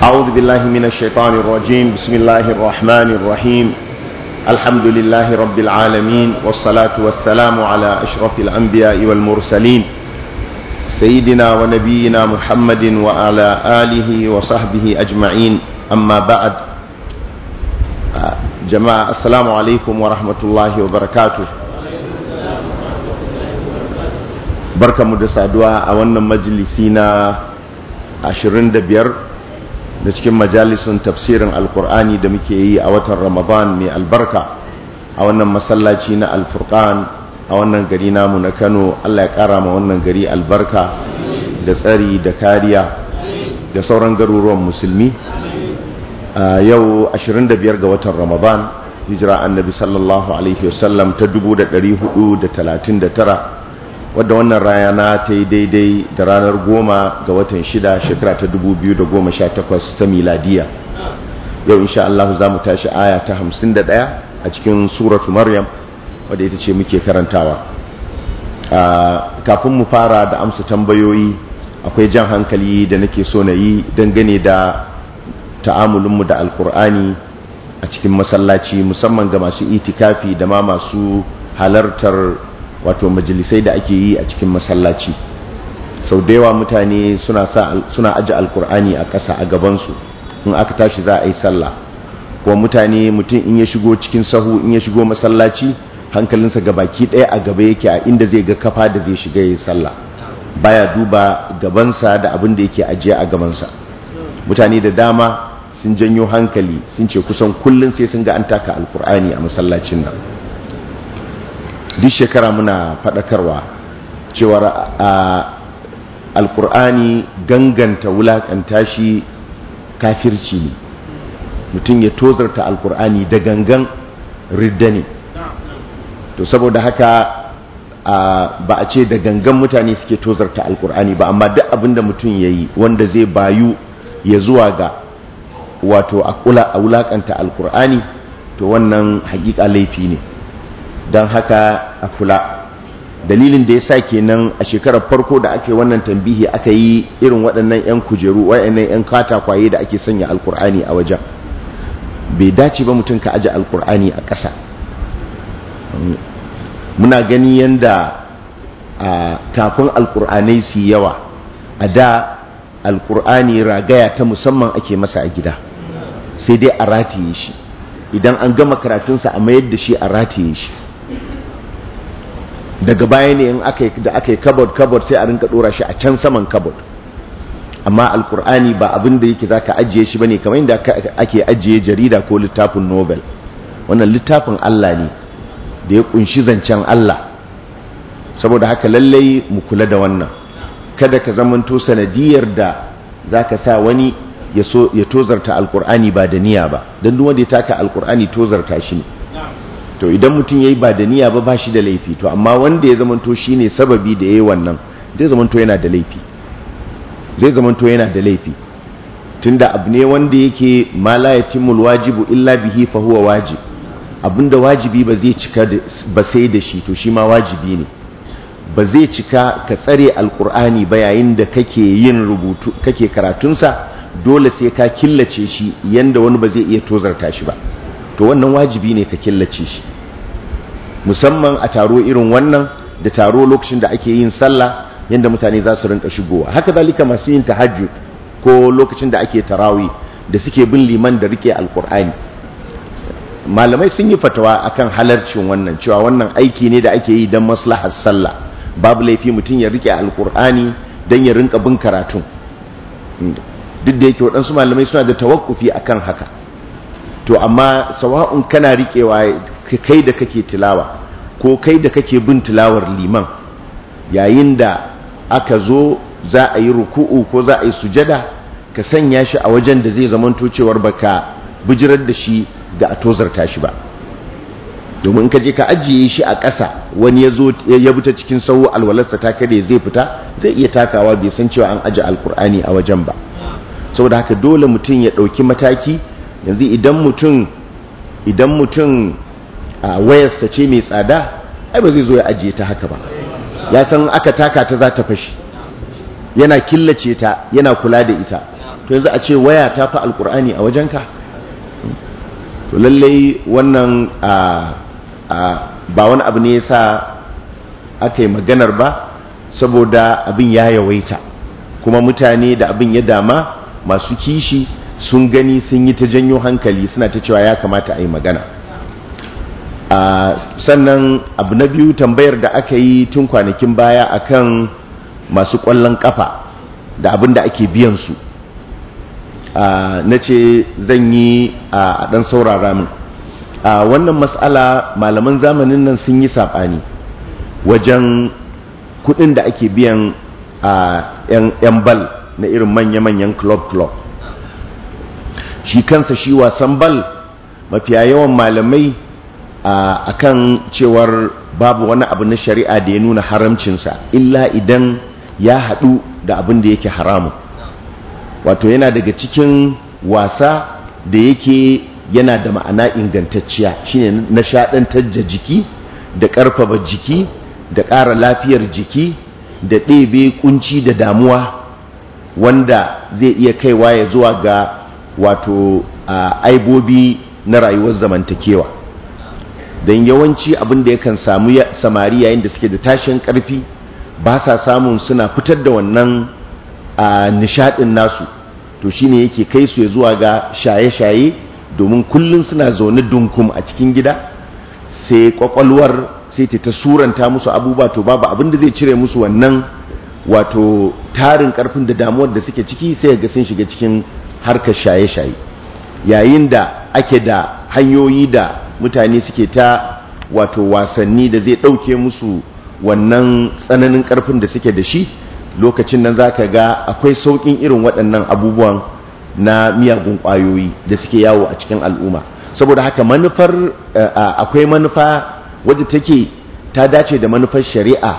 أعوذ بالله من الشيطان الرجيم بسم الله الرحمن الرحيم الحمد لله رب العالمين والصلاة والسلام على أشرف الأنبياء والمرسلين سيدنا ونبينا محمد وعلى آله وصحبه أجمعين أما بعد جماعة السلام عليكم ورحمة الله وبركاته بركة مدسة دعاء أولنا مجلسينا 25 da cikin majalisun tafsirin alkur'ani da muke yi a watan ramadan mai albarka a wannan masallaci na alfurkan a wannan gari namu na kano allah ya kara ma wannan gari albarka da tsari da kariya da sauran garuruwan musulmi a yau 25 ga watan ramadan hijira annabi sallallahu alaihi wasallam ta tara. wadda wannan rana ta yi daidai da ranar goma ga watan shida shekara ta da sha 2018 ta miladiya yau insha Allah za mu tashi aya ta hamsin da 51 a cikin suratu maryam wadda ita ce muke karantawa kafin mu fara da amsa tambayoyi akwai jan hankali da nake so na yi dangane da ta'amulinmu da alkur'ani a cikin masallaci musamman ga masu itikafi da ma masu halartar wato majalisai da ake yi a cikin masallaci sau da yawa mutane suna aji alkur'ani a ƙasa a gabansu in aka tashi za a yi sallah kuma mutane mutum in ya shigo cikin sahu in ya shigo masallaci hankalinsa ga baki ɗaya a gaba yake a inda zai ga kafa da zai shiga yi sallah baya duba gabansa da abin da yake ajiye a gabansa mutane da dama sun janyo hankali sun ce kusan kullum sai sun ga an taka alkur'ani a masallacin nan duk shekara muna faɗakarwa cewar alkur'ani ganganta wulaƙanta shi kafirci ne mutum ya tozarta alkur'ani da gangan ridda ne to saboda haka ba a ce da gangan mutane suke tozarta alkur'ani ba amma duk abinda mutum ya yi wanda zai bayu ya zuwa ga wato a wulaƙanta alkur'ani to wannan hakika laifi ne don haka a kula dalilin da ya sa kenan a shekarar farko da ake wannan tambihi aka yi irin waɗannan 'yan kujeru waɗannan 'yan katakwaye da ake sanya alkur'ani a wajen bai dace ba mutum ka aji alkur'ani a ƙasa muna gani yadda a kafin alkur'anai su yawa a da alkur'ani ragaya ta musamman ake masa a gida sai dai a rataye shi idan an gama karatunsa a mayar da shi a rataye shi daga baya ne in aka da aka yi kabod kabod sai a rinka dora shi a can saman kabod amma alkur'ani ba abin da yake zaka ajiye shi ne kamar inda ake ajiye jarida ko littafin novel wannan littafin Allah ne da ya kunshi zancen Allah saboda haka lallai mu kula da wannan kada ka zamanto sanadiyar da zaka sa wani ya so ya tozarta alkur'ani ba da niyya ba don duk wanda ya taka alkur'ani tozarta shi ne to idan mutum ya yi ba da niyya ba ba shi da laifi to amma wanda ya zamanto ne sababi da yi wannan zai zamanto yana da laifi zai zamanto yana da laifi tunda abu ne wanda yake ma la yatimul wajibu illa bihi fa huwa wajib da wajibi ba zai cika ba sai da shi to shi ma wajibi ne ba zai cika ka tsare alkur'ani ba yayin da kake yin rubutu kake karatunsa dole sai ka killace shi yanda wani ba zai iya tozarta shi ba to wannan wajibi ne ka killace shi musamman a taro irin wannan da taro lokacin da ake yin sallah yadda mutane za su rinka shigowa haka zalika masu yin tahajjud ko lokacin da ake tarawi da suke bin liman da rike alkur'ani malamai sun yi fatawa akan halarcin wannan cewa wannan aiki ne da ake yi don maslahar sallah babu laifi mutum ya rike alkur'ani don ya rinka bin karatun duk da yake waɗansu malamai suna da tawakkufi akan haka to amma sawa'un kana riƙewa kai da kake tilawa ko kai da kake bin tilawar liman yayin da aka zo za a yi ruku'u ko za a yi sujada ka sanya shi a wajen da zai zamanto cewar baka bijirar da shi da a tozarta shi ba domin ka je ka ajiye shi a ƙasa wani ya zo ya buta cikin sauwa alwalarsa ta kare zai fita zai iya takawa bai san cewa an ajiye alkur'ani a wajen ba saboda haka dole mutum ya ɗauki mataki yanzu idan mutum idan mutum a wayarsa ce mai tsada ai ba zai zo ya ajiye ta haka ba ya san aka taka ta za ta fashi yana killace ta yana kula da ita to yanzu a ce waya ta fa alkur'ani a wajenka to lallai wannan ba wani abu ne yasa aka yi maganar ba saboda abin ya yawaita kuma mutane da abin ya dama masu kishi sun gani sun yi ta janyo hankali suna ta cewa ya kamata a yi magana sannan abu na biyu tambayar da aka yi tun kwanakin baya akan masu kwallon kafa da abin da ake biyansu na ce zan yi a dan saurara min wannan matsala malaman zamanin nan sun yi saɓani wajen kudin da ake biyan 'yan bal na irin manya-manyan club-club shi kansa shi wasan bal mafiya yawan malamai a kan cewar babu wani abu na shari'a da ya nuna haramcinsa illa idan ya haɗu da abin da yake haramu. wato yana daga cikin wasa da yake yana da ma'ana ingantacciya shine nishaɗantar da jiki da ƙarfafa jiki da ƙara lafiyar jiki da ɗebe kunci da damuwa wanda zai iya kaiwa ya zuwa ga wato aibobi na rayuwar zamantakewa don yawanci abin da yakan samu samari yayin da suke da tashin karfi ba sa samun suna fitar da wannan nishadin nasu to shine yake kai su zuwa ga shaye-shaye domin kullum suna zaune dunkum a cikin gida sai kwakwalwar sai ta ta suranta musu abubuwa to babu abin da zai cire musu wannan wato tarin karfin da damuwar da suke ciki sai ga sun shiga cikin harkar shaye-shaye yayin da ake da hanyoyi da mutane suke ta wato wasanni da zai ɗauke musu wannan tsananin ƙarfin da suke da shi lokacin nan za ka ga akwai sauƙin irin waɗannan abubuwan na miyagun ƙwayoyi da suke yawo a cikin al'umma saboda haka manufar eh, akwai manufa wadda take ta dace da manufar shari'a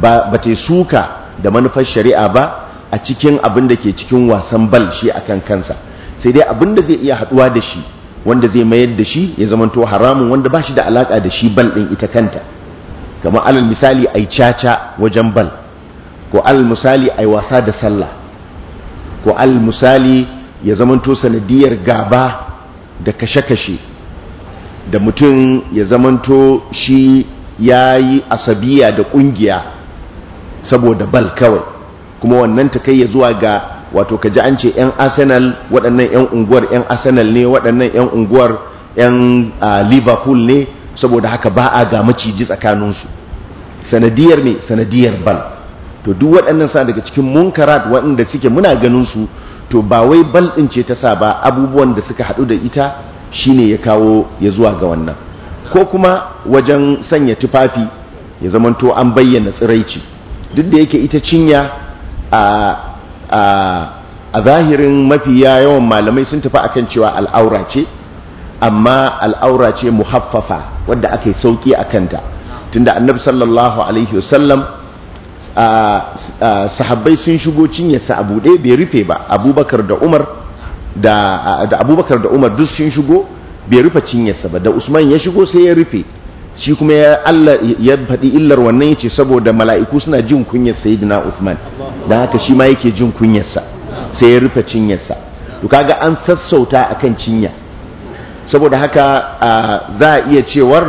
ba ta suka da manufar shari'a ba a cikin abin da ke cikin wasan bal shi akan kansa sai dai abin da zai iya haduwa da shi wanda zai mayar da shi ya zamanto haramun wanda ba shi da alaka da shi bal din ita kanta Kama alal misali ai caca wajen bal ko alal misali ai wasa da sallah ko alal misali ya zamanto sanadiyar gaba da kashe-kashe da mutum ya zamanto shi ya yi asabiya da kungiya saboda bal kawai kuma wannan ta kai ya zuwa ga wato ka ji an ce 'yan arsenal waɗannan 'yan unguwar 'yan arsenal ne waɗannan 'yan unguwar 'yan liverpool ne saboda haka ba a ga maciji tsakaninsu sanadiyar ne sanadiyar bal to duk waɗannan sa daga cikin munkarat waɗanda suke muna ganin su to ba wai bal ɗin ce ta sa ba abubuwan da suka haɗu da ita shine ya kawo ya zuwa ga wannan ko kuma wajen sanya tufafi ya zamanto an bayyana tsiraici duk da yake ita cinya a zahirin mafi yawan malamai sun tafi akan cewa al'aura ce amma al'aura ce muhaffafa wadda ake sauki a kanta tunda annabi sallallahu alaihi wasallam sahabbai sun shigo sa a buɗe bai rufe ba abubakar da umar da abubakar da umar duk sun shigo bai rufe sa ba da usman ya shigo sai ya rufe shi kuma ya Allah ya faɗi illar wannan yace saboda mala'iku suna jin kunyar sayyidina Uthman dan haka shi ma yake jin kunyarsa sai ya rufe cinyarsa to kaga an sassauta akan cinya saboda haka za a iya cewar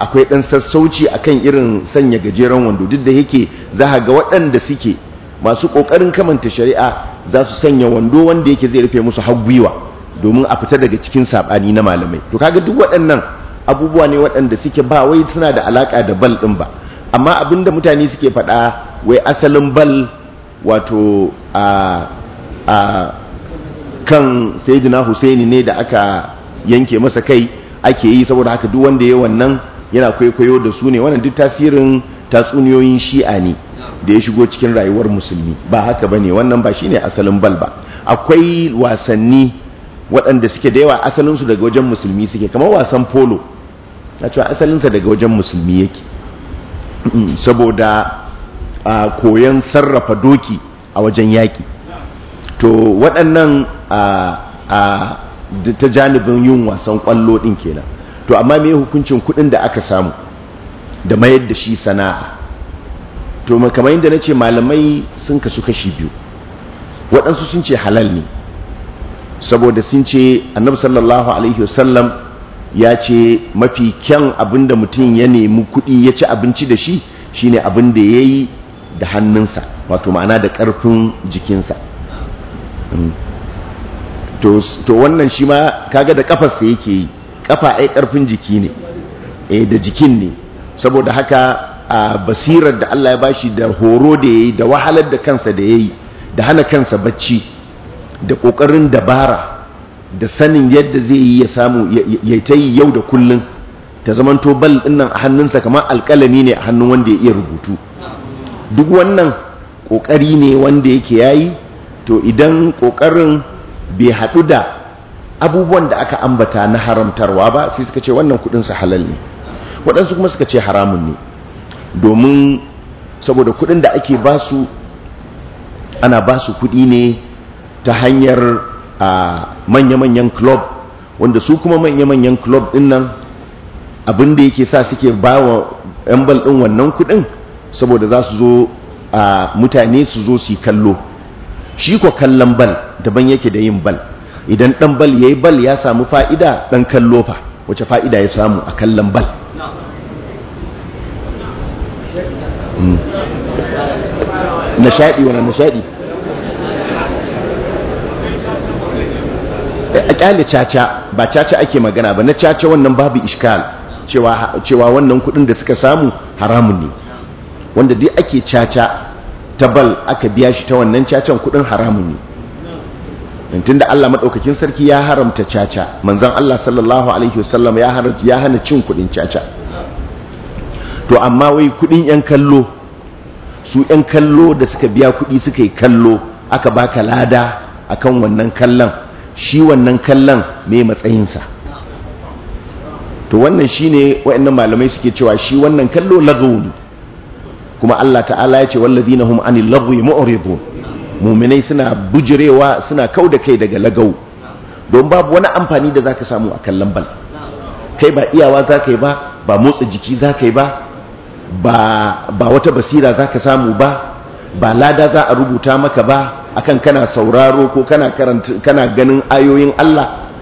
akwai ɗan sassauci akan irin sanya gajeren wando duk da yake za ga waɗanda suke masu ƙoƙarin kamanta shari'a za su sanya wando wanda yake zai rufe musu har gwiwa domin a fita daga cikin saɓani na malamai to kaga duk waɗannan abubuwa ne waɗanda suke ba wai suna da alaƙa da bal ɗin ba amma abinda mutane suke faɗa wai asalin bal wato a a kan sayyidina husaini ne da aka yanke masa kai ake yi saboda haka duk wanda ya wannan yana kwaikwayo da su ne wannan duk tasirin tatsuniyoyin shi'a ne da ya shigo cikin rayuwar musulmi ba haka ba ne wannan ba shine asalin bal ba akwai wasanni waɗanda suke da yawa asalinsu daga wajen musulmi suke kamar wasan polo na cewa asalinsa daga wajen musulmi yake mm, saboda koyon sarrafa doki a wajen yaƙi to waɗannan ta janibin yin wasan ƙwallo ɗin kenan to amma mai hukuncin kuɗin da aka samu da mayar da shi sana'a to kamar yadda na ce malamai sun kasu kashi biyu waɗansu sun ce halal ne saboda sun ce annabi sallallahu alaihi wasallam ya ce mafi kyan abinda mutum ya nemi kuɗi ya ci abinci da shi shine abin da ya yi da hannunsa wato ma'ana da ƙarfin jikinsa mm. to wannan shi ma kaga da ƙafarsa yake yi ƙafa ai ƙarfin jiki ne Eh da jikin ne saboda haka a basirar da Allah ya bashi da horo da ya yi da wahalar da kansa da ya yi da hana kansa bacci da ƙoƙarin dabara da sanin yadda zai yi ya samu ya ta yi yau da kullum ta zamanto bal ɗinnan a hannunsa kamar alƙalami ne a hannun wanda ya iya rubutu duk wannan ƙoƙari ne wanda yake yayi to idan ƙoƙarin bai haɗu da abubuwan da aka ambata na haramtarwa ba sai suka ce wannan kudinsa halal ne waɗansu kuma suka ce haramun ne domin saboda kuɗin da ake basu ana basu kuɗi ne ta hanyar a manya-manyan club wanda su kuma manya-manyan club din nan abin da yake sa suke ba wa 'yan bal din wannan kudin saboda za su zo a mutane su zo su kallo shi ko kallon bal daban yake da yin bal idan dan bal ya yi bal ya samu fa'ida dan kallo fa wace fa'ida ya samu a kallon bal nashadi wani shaɗi kyale caca ba caca ake magana ba na caca wannan babu iskal cewa wannan kudin da suka samu haramun ne wanda dai ake caca ta bal aka biya shi ta wannan cacan kudin haramun ne da Allah madaukakin sarki ya haramta caca manzon Allah sallallahu alaihi wasallam ya hana cin kudin caca to amma wai kudin yan kallo su yan kallo da suka biya kudi suka yi kallo aka baka lada akan wannan kallon shi wannan kallon mai matsayinsa to wannan shi ne wa'annan malamai suke cewa shi wannan kallo ne, kuma Allah ta'ala ya ce wallazi na hum anil lagwi mu'ridu muminai suna bujirewa suna kau da kai daga lagau don babu wani amfani da za ka samu a kallon bal kai ba iyawa za ka yi ba ba motsa jiki za ka yi ba ba wata basira za ka samu ba ba lada za a rubuta maka ba akan kana sauraro ko kana karanta kana ganin ayoyin Allah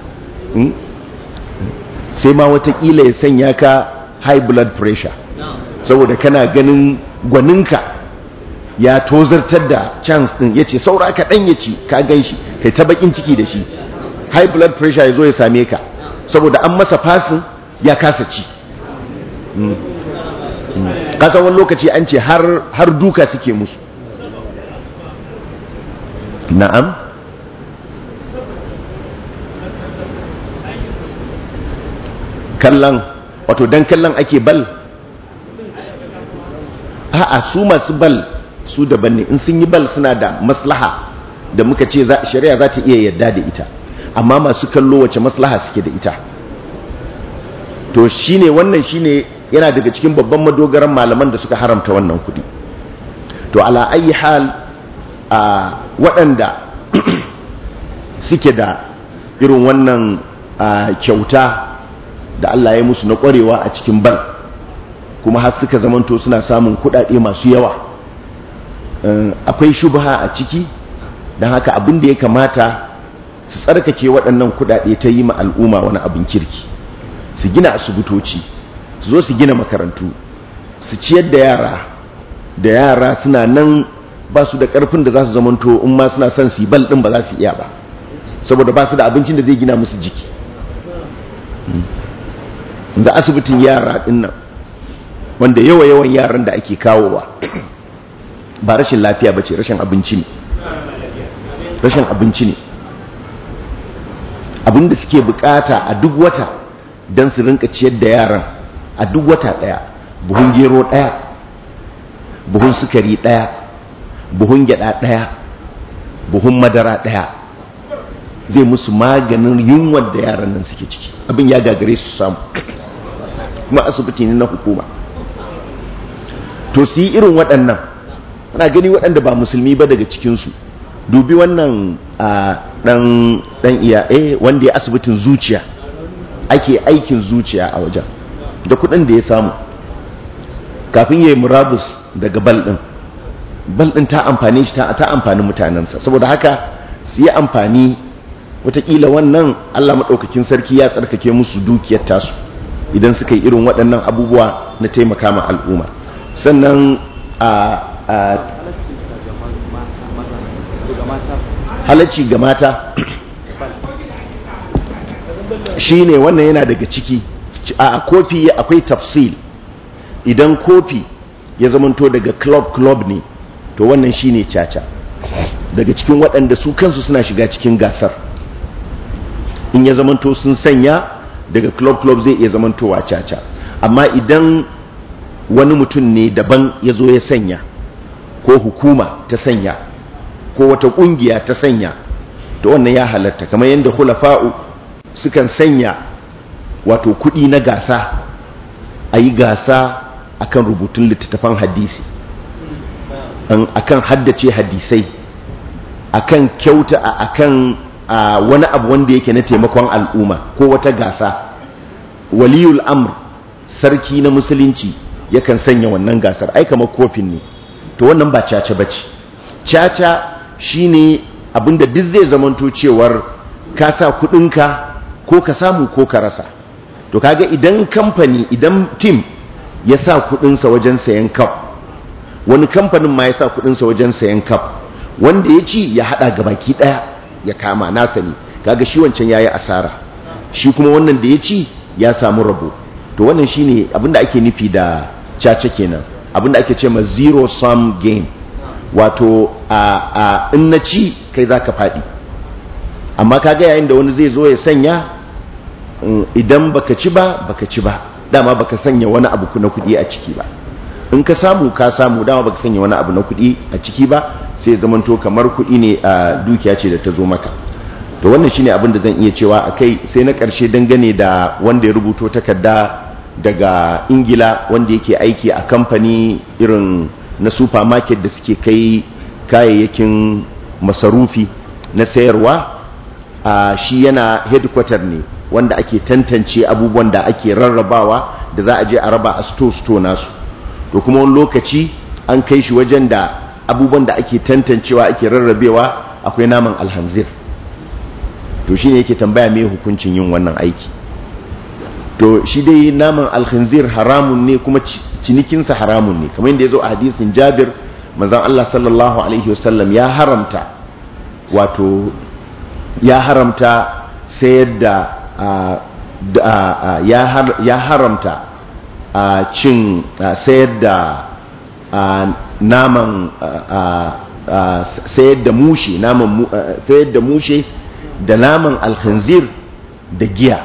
hmm? sai ma watakila ya sanya ka high blood pressure saboda kana ganin gwaninka ya tozartar da chance din yace saura ka dan yace ka ganshi kai ta bakin ciki da shi high blood pressure yazo ya same ka saboda an masa fasin ya kasa ci hmm. hmm. kasan wani lokaci an ce har duka suke musu na'am kallon wato don kallon ake bal a'a su masu bal su daban ne in sun yi bal suna da maslaha da muka ce shari'a za ta iya yadda da ita amma masu kallo wace maslaha suke da ita to shine wannan shine yana daga cikin babban madogaran malaman da suka haramta wannan kudi to ala ayi hal a waɗanda suke da irin wannan kyauta da Allah ya musu na ƙwarewa a cikin bal, kuma har suka zamanto suna samun kuɗaɗe masu yawa eh, akwai shubha a ciki don haka abin da ya kamata su tsarkake waɗannan kuɗaɗe ta yi ma al'umma wani abin kirki su gina asibitoci su zo su gina makarantu su ciyar da yara da yara suna nan ba su da karfin da za su zamanto in ma suna son su bal ɗin ba za su iya ba saboda ba su da abincin da zai gina musu jiki hmm. da asibitin yara din nan wanda yawa yawan yaran da ake kawowa ba rashin lafiya ba ce rashin abinci ne rashin abinci ne abinda suke bukata a duk wata don su rinka ciyar da yaran a duk wata ɗaya buhun gero ɗaya buhun sukari ɗaya. buhun gyada daya buhun madara daya zai musu maganin yunwar da yaran nan suke ciki abin ya gagare su samu kuma asibiti ne na hukuma to su yi irin waɗannan ana gani waɗanda ba musulmi ba daga cikinsu dubi wannan a ɗan iya eh wanda ya asibitin zuciya ake aikin zuciya a wajen da kuɗin da ya samu kafin ya yi murabus daga bal ɗin bal ɗin ta amfani shi ta amfani mutanensa saboda haka su yi amfani watakila wannan allah maɗaukakin sarki ya tsarkake musu dukiyar tasu idan suka yi irin waɗannan abubuwa na taimaka ma al'umma sannan a halacci ga mata shi ne wannan yana daga ciki a kofi akwai tafsil idan kofi ya zamanto daga club club ne to wannan shine caca daga cikin waɗanda su kansu suna shiga cikin gasar in ya zamanto sun sanya daga club club zai iya zamantowa caca amma idan wani mutum ne daban ya zo ya sanya ko hukuma ta sanya ko wata ƙungiya ta sanya to wannan ya halatta kamar yadda hulafa'u sukan sanya wato kuɗi na gasa a yi gasa akan rubutun littattafan hadisi akan haddace hadisai akan kyauta akan wani abu wanda yake na taimakon al'umma ko wata gasa waliyul amr sarki na musulunci yakan sanya wannan gasar ai kamar kofin ne to wannan ba caca bace caca shine abinda duk zai zamanto cewar ka sa kudinka ko ka samu ko ka rasa to kaga idan kamfani idan tim ya sa kudinsa wajen sayan cup wani kamfanin ma ya sa kudinsa wajen sayan kaf wanda ya ci ya hada baki daya ya kama nasa ne kaga shi wancan yayi asara shi kuma wannan da ya ci ya samu rabo to wannan shine abinda ake nufi da caca kenan abinda ake ce ma zero sum game wato a in na ci kai zaka fadi amma kaga yayin da wani zai zo ya sanya mm, idan baka ci ba baka ci ba dama baka sanya wani abu kuna kudi a ciki ba in ka samu ka samu dama baka sanya wani abu na kuɗi a ciki ba sai to kamar kuɗi ne a dukiya ce da ta zo maka to wannan shine abin da zan iya cewa a kai sai na ƙarshe dangane da wanda ya rubuto takarda daga ingila wanda yake aiki a kamfani irin na supermarket da suke kai kayayyakin masarufi na sayarwa a shi yana headquarter ne wanda ake tantance abubuwan da ake rarrabawa da za a je a raba a store store nasu to kuma wani lokaci an kai shi wajen da abubuwan da ake tantancewa ake rarrabewa akwai naman alhanzir to shi ne yake tambaya mai hukuncin yin wannan aiki to shi dai naman alhanzir haramun ne kuma cinikinsa haramun ne kamar yadda ya zo a hadisin jabir manzan Allah sallallahu alaihi wasallam ya haramta wato ya haramta sayar da ya haramta a cin sayar da naman sayar da mushe naman sayar da mushe da naman alkhanzir da giya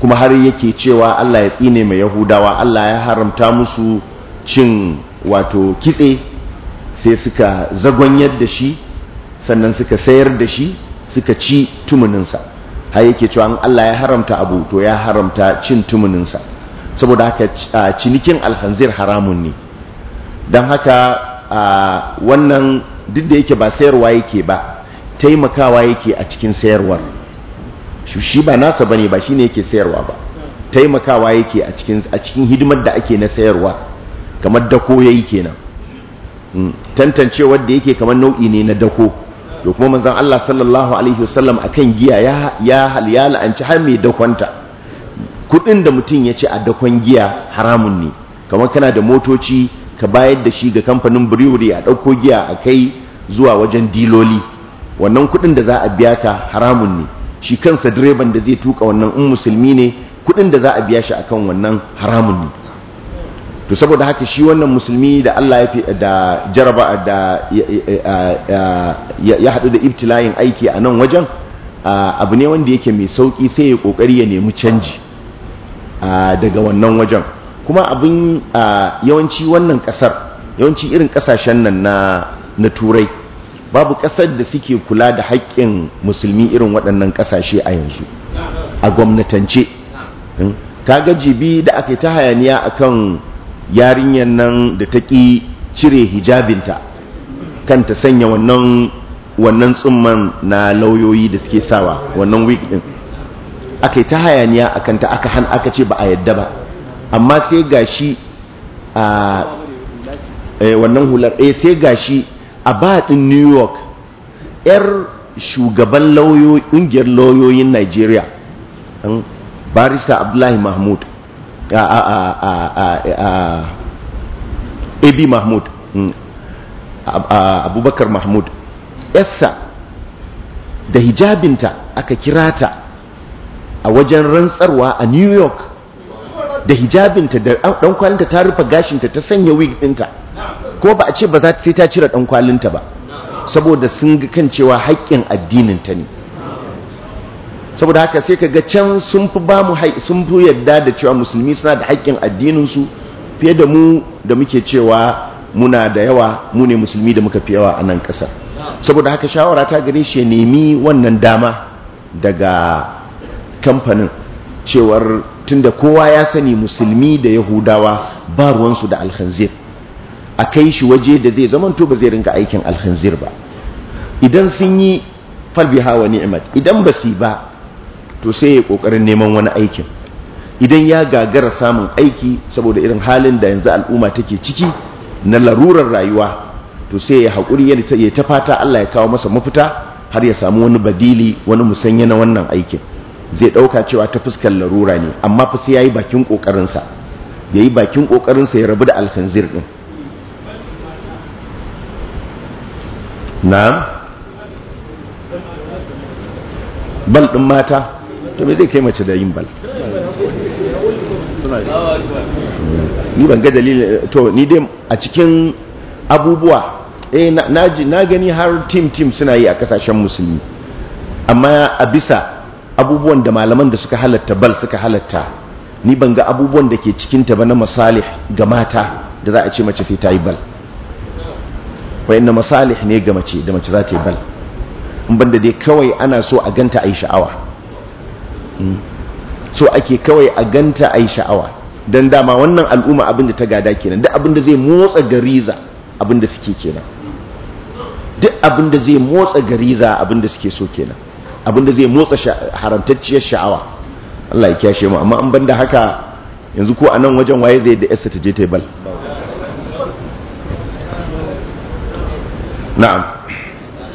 kuma har yake cewa Allah ya tsine mai yahudawa Allah ya haramta musu cin wato kitse sai suka zagon yadda shi sannan suka sayar da shi suka ci tumuninsa har yake cewa in Allah ya haramta abu to ya haramta cin tumuninsa saboda haka cinikin alhanzir haramun ne don haka wannan duk da yake ba sayarwa yake ba taimakawa yake a cikin sayarwar shi ba nasa bane ba shine yake sayarwa ba taimakawa yake a cikin a cikin hidimar da ake na sayarwa kamar dako yayi kenan hmm, tantancewar da yake kamar nau'i ne na dako to kuma manzon Allah sallallahu alaihi wasallam akan giya ya ya ya la'anci har mai dakonta kudin da mutum ya ce a dakon giya haramun ne kamar kana da motoci ka bayar da shi ga kamfanin brewery a dauko giya a kai zuwa wajen diloli wannan kudin da za a biya ka haramun ne shi kansa direban da zai tuka wannan in musulmi ne kudin da za a biya shi akan wannan haramun ne to saboda haka shi wannan musulmi da Allah ya da jaraba da ya haɗu da ibtilayin aiki a nan wajen abu ne wanda yake mai sauƙi sai ya ƙoƙari ya nemi canji daga wannan wajen kuma abin yawanci wannan ƙasar yawanci irin ƙasashen nan na turai babu ƙasar da suke kula da haƙƙin musulmi irin waɗannan ƙasashe a yanzu a gwamnatance hmm? ka gajibi da aka yi ta hayaniya akan yarinyar nan da ta ƙi cire hijabinta kan ta sanya wannan wannan tsumman na lauyoyi da suke sawa wannan wig din aka yi ta hayaniya a kanta aka han aka ce ba a yadda ba amma sai gashi a eh, wannan hular eh sai gashi a baɗin new york 'yar shugaban lauyoyi ƙungiyar lauyoyin nigeria barista abdullahi mahmud ebi mahmud hmm. abubakar mahmud yassa da hijabinta aka kira ta a wajen rantsarwa a new york da hijabinta da ɗankwalinta ta rufe gashinta ta sanya wig ɗinta ko ba a ce ba za ta sai ta cire ɗankwalinta ba saboda sun ga kan cewa haƙƙin addininta ne saboda haka sai ka ga can sun fi ba mu sun fi yadda da cewa musulmi suna da haƙƙin addininsu fiye da mu da muke cewa muna da yawa mu ne musulmi da muka fi yawa a nan ƙasa saboda haka shawara ta gare shi nemi wannan dama daga kamfanin cewar tunda kowa ya sani musulmi da yahudawa ba ruwansu da alhanzir a kai shi waje da zai zamanto ba zai rinka aikin alhanzir ba idan sun yi falbiha wa ni'imat idan ba su ba to sai ya ƙoƙarin neman wani aikin idan ya gagara samun aiki saboda irin halin da yanzu al'umma take ciki na larurar rayuwa to sai ya haƙuri ya ta fata Allah ya kawo masa mafita har ya samu wani badili wani musanya na wannan aikin zai ɗauka cewa ta fuskar larura ne amma fi sai ya yi bakin ƙoƙarinsa ya yi bakin ƙoƙarinsa ya rabu da alfanzir ɗin na bal ɗin mata to me zai kai mace da yin bala ni ban ga dalilin to ni dai a cikin abubuwa eh na gani har tim tim suna yi a kasashen musulmi amma a bisa abubuwan da malaman da suka halatta bal suka halatta ni ban ga abubuwan da ke cikinta ba na masalih ga mata da za a ce mace sai ta yi bal wayanna masalih ne ga mace da mace za ta yi bal Ban banda dai kawai ana so a ganta a yi sha'awa so ake kawai a ganta a yi sha'awa don dama wannan al'umma abinda ta gada kenan duk abinda zai motsa gariza abinda suke kenan duk abinda zai motsa gariza abinda suke so kenan abinda zai motsa haramtacciyar sha'awa Allah ya kyashe mu amma an banda haka yanzu ko a nan wajen waye zai da yasa ta je ta bal na'am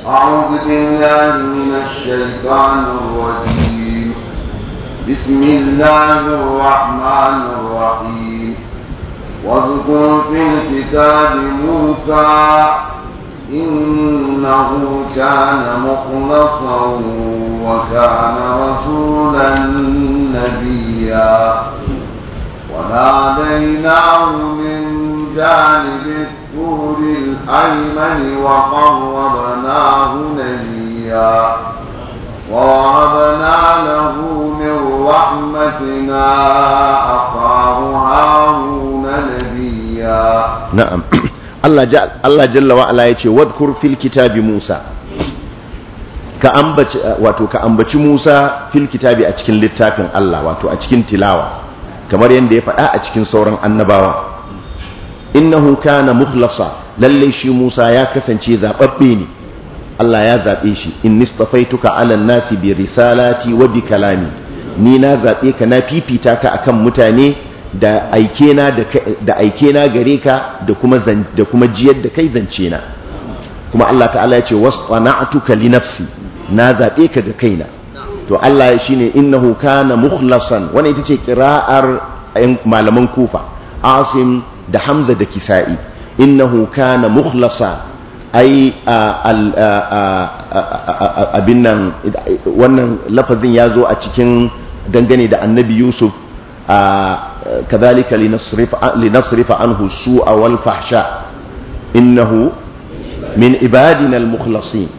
a'udhu billahi minash الشيطان الرجيم بسم الله الرحمن الرحيم واذكر في الكتاب موسى إنه كان مخلصا وكان رسولا نبيا وناديناه من جانب الطور الأيمن وقربناه نبيا bana له من رحمتنا أخاه Allah jalla ya ce wadkur fil kitabi Musa ka ambaci wato ka ambaci Musa fil kitabi a cikin littafin Allah wato a cikin tilawa kamar yadda ya faɗa a cikin sauran annabawa innahu kana mukhlasa lalle shi Musa ya kasance zababbe ne Allah ya zaɓe shi in nistafaituka alan nasi bi risalati wa bi kalami ni na zaɓe ka na fifita ka akan mutane da aikena da gare ka da kuma jiyar da kai zance na kuma Allah ta'ala ya ce wasana'tuka li nafsi na zaɓe ka kai kaina to Allah shine innahu kana mukhlasan wannan ita ce qira'ar malaman kufa asim da hamza da kisa'i innahu na mukhlasa ai abin nan wannan lafazin ya zo a cikin dangane da annabi yusuf a kazalika linasrifa anhu su'a wal fahsha innahu min ibadina al-mukhlasin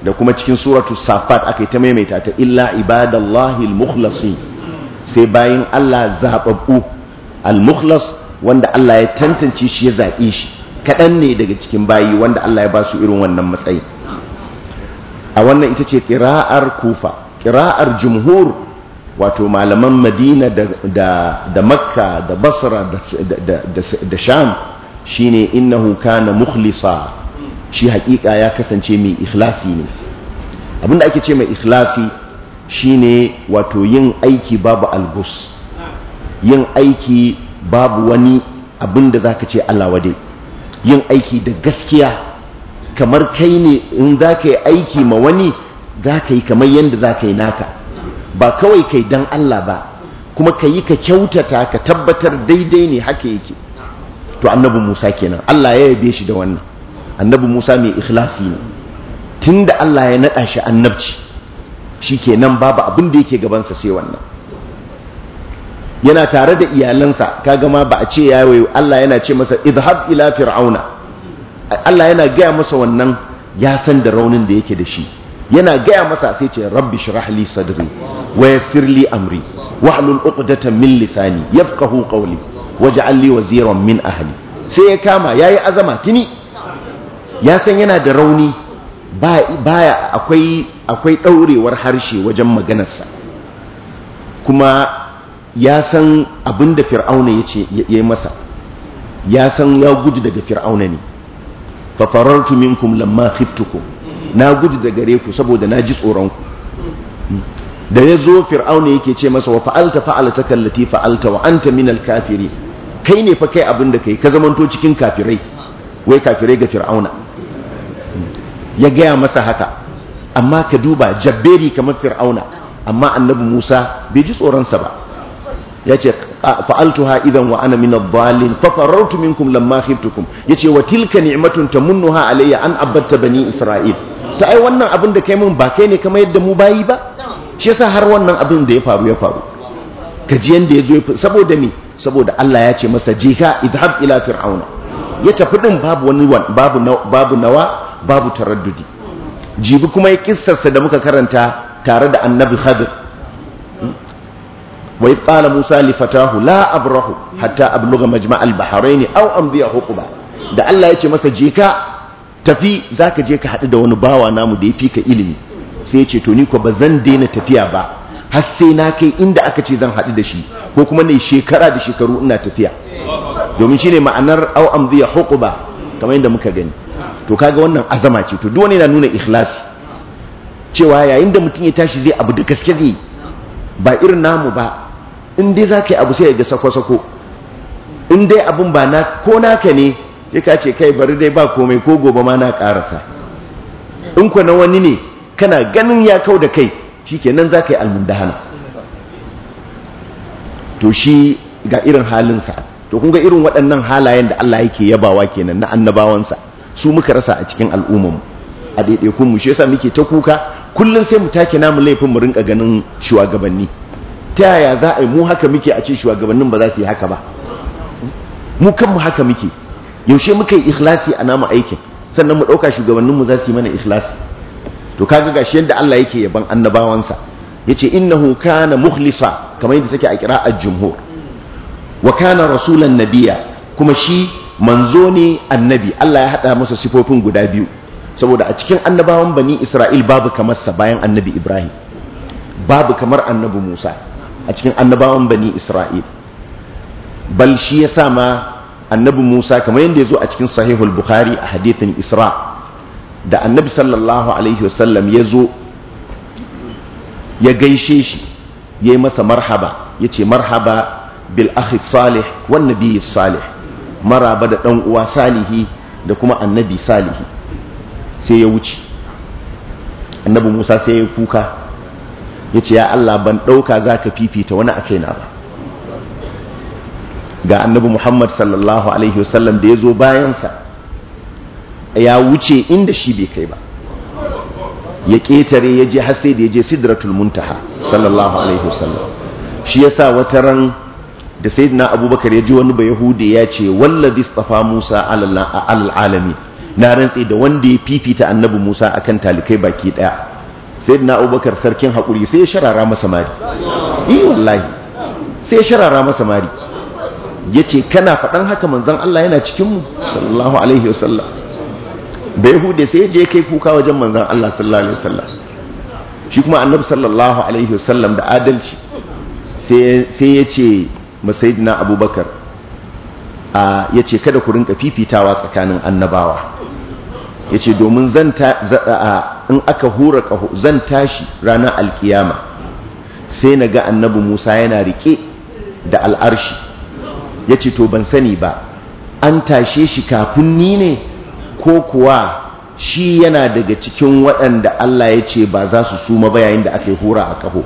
da kuma cikin suratu safat aka ta maimaita ta illa ibadallahi al-mukhlasin sai bayan Allah zababbu al-mukhlas wanda Allah ya tantance shi ya zaɓe shi kaɗan ne daga cikin bayi wanda Allah ya ba su irin wannan matsayi a wannan ita ce ƙira'ar kufa ƙira'ar jumhur wato malaman madina da makka da basra da sham shine innahu na mukhlisa shi haƙiƙa ya kasance mai ikhlasi ne abinda ake ce mai ikhlasi shine wato yin aiki babu algus yin aiki babu wani abinda ka ce Allah wade. yin aiki da gaskiya kamar kai ne in za ka yi aiki ma wani za ka yi kamar yadda za ka yi naka ba kawai kai don Allah ba kuma ka yi ka kyautata ka tabbatar daidai ne haka yake to annabi musa kenan Allah ya yabe shi da wannan annabi musa mai ikhlasi ne tun da Allah ya naɗa shi annabci shi kenan babu abin da yake gabansa sai wannan yana tare da iyalansa kaga ma ba a ce ya yi Allah yana ce masa idhab ila fir'auna Allah yana gaya masa wannan ya san da raunin da yake da shi yana gaya masa sai ce rabbi shrah li sadri wa yassir li amri wahlul uqdatam min lisani yafqahu qawli waj'al li waziran min ahli sai ya kama yayi azama tini ya san yana da rauni baya akwai akwai daurewar harshe wajen maganarsa kuma ya san abin da fir'auna ya ce ya masa ya san ya gudu daga fir'auna ne fafarartu minkum lamma khiftukum na gudu daga reku saboda na ji tsoronku. Hmm. da ya zo fir'auna yake ce masa wa fa'alta fa'alta kallati fa'alta wa anta min kafiri kai ne fa kai abin da kai ka zamanto cikin kafirai wai kafirai ga fir'auna hmm. ya gaya masa haka amma ka duba jabberi kamar fir'auna amma annabi Musa bai ji tsoronsa ba yace fa'altu idan wa ana minar balin dallin fa farartu minkum lamma khiftukum ce wa tilka ni'matun ha alayya an ba bani isra'il ta ai wannan abin da kai mun ba kai ne kama yadda mu bayi ba shi yasa har wannan abin da ya faru ya faru Ka yanda yadda ya zo saboda ni saboda Allah ya ce masa jika idhab ila fir'auna ya tafi din babu wani babu babu nawa babu taraddudi jibi kuma ya kissarsa da muka karanta tare da annabi khadir hmm? wa qala musa li fatahu la abrahu hatta abluga majma' al-bahrain aw amdiya huquba da Allah yace masa je ka tafi zaka je ka hadu da wani bawa namu da yafi ka ilimi sai yace to ni ko bazan daina tafiya ba har sai na kai inda aka ce zan hadu da shi ko kuma ne shekara da shekaru ina tafiya domin shine ma'anar aw amdiya huquba kamar yadda muka gani to kaga wannan azama ce to duk wani yana nuna ikhlas cewa yayin da mutum ya tashi zai abu da gaske zai ba irin namu ba in dai za ka yi abu sai ga sako-sako in dai abin ba na ko naka ne sai ka ce kai bari dai ba komai ko gobe ma na karasa in ku na wani ne kana ganin ya kau da kai shi ke nan za ka yi almundahana to shi ga irin halinsa to kun ga irin waɗannan halayen da Allah yake yabawa kenan na annabawansa su muka rasa a cikin al'ummanmu a ɗaiɗaikunmu shi yasa muke ta kuka kullum sai mu take namu laifin mu rinka ganin shugabanni ta za a yi mu haka muke a ce shugabannin ba za su yi haka ba mu kanmu haka muke yaushe muka yi ikhlasi a namu aikin sannan mu ɗauka shugabanninmu za su yi mana ikhlasi to kaga gashi yadda Allah yake yaban annabawansa ya yace innahu kana mukhlisa kamar yadda take a a jumhur wa kana rasulan nabiya kuma shi manzo ne annabi Allah ya haɗa masa sifofin guda biyu saboda a cikin annabawan bani Isra'il babu kamar sa bayan annabi Ibrahim babu kamar annabi Musa a cikin annabawan bani isra'il bal shi ya sa ma annabi musa kamar yadda ya zo a cikin sahihul bukhari a hadithin isra da annabi sallallahu alaihi wasallam ya zo ya gaishe shi ya yi masa marhaba ya ce marhaba bil ahid salih wan nabi salih maraba da dan uwa salihi da kuma annabi salihi sai ya wuce annabi musa sai ya kuka ya ce ya Allah ban ɗauka za ka fifita wani a kaina ba ga annabi muhammad sallallahu alaihi wasallam da ya zo bayansa ya wuce inda shi bai kai ba ya ƙetare ya je hasse da ya je sidratul muntaha sallallahu alaihi wasallam shi ya sa wata ran da na abubakar ya ji wani ba yahudi ya ce wallazi tsafa musa al'alami na rantse da wanda ya fifita annabi musa akan talikai baki daya sai na abubakar sarkin haƙuri sai ya sharara masa mari yi eh, wallahi sai ya sharara masa mari ya ce kana faɗan haka manzan Allah yana cikinmu sallallahu alaihi wasallam da yahude sai je kai kuka wajen manzan Allah sallallahu alaihi wasallam shi kuma annabi sallallahu alaihi wasallam da adalci sai ya ce masayidina abubakar ya ce kada ku rinka fifitawa tsakanin annabawa ya ce domin zan ta in aka hura kaho zan tashi ranar alkiyama sai na ga annabi musa yana rike da al'arshi ya ce to ban sani ba an tashe shi kafin ni ne ko kuwa shi yana daga cikin waɗanda Allah ya ce ba za su suma ba yayin da aka yi hura a ƙaho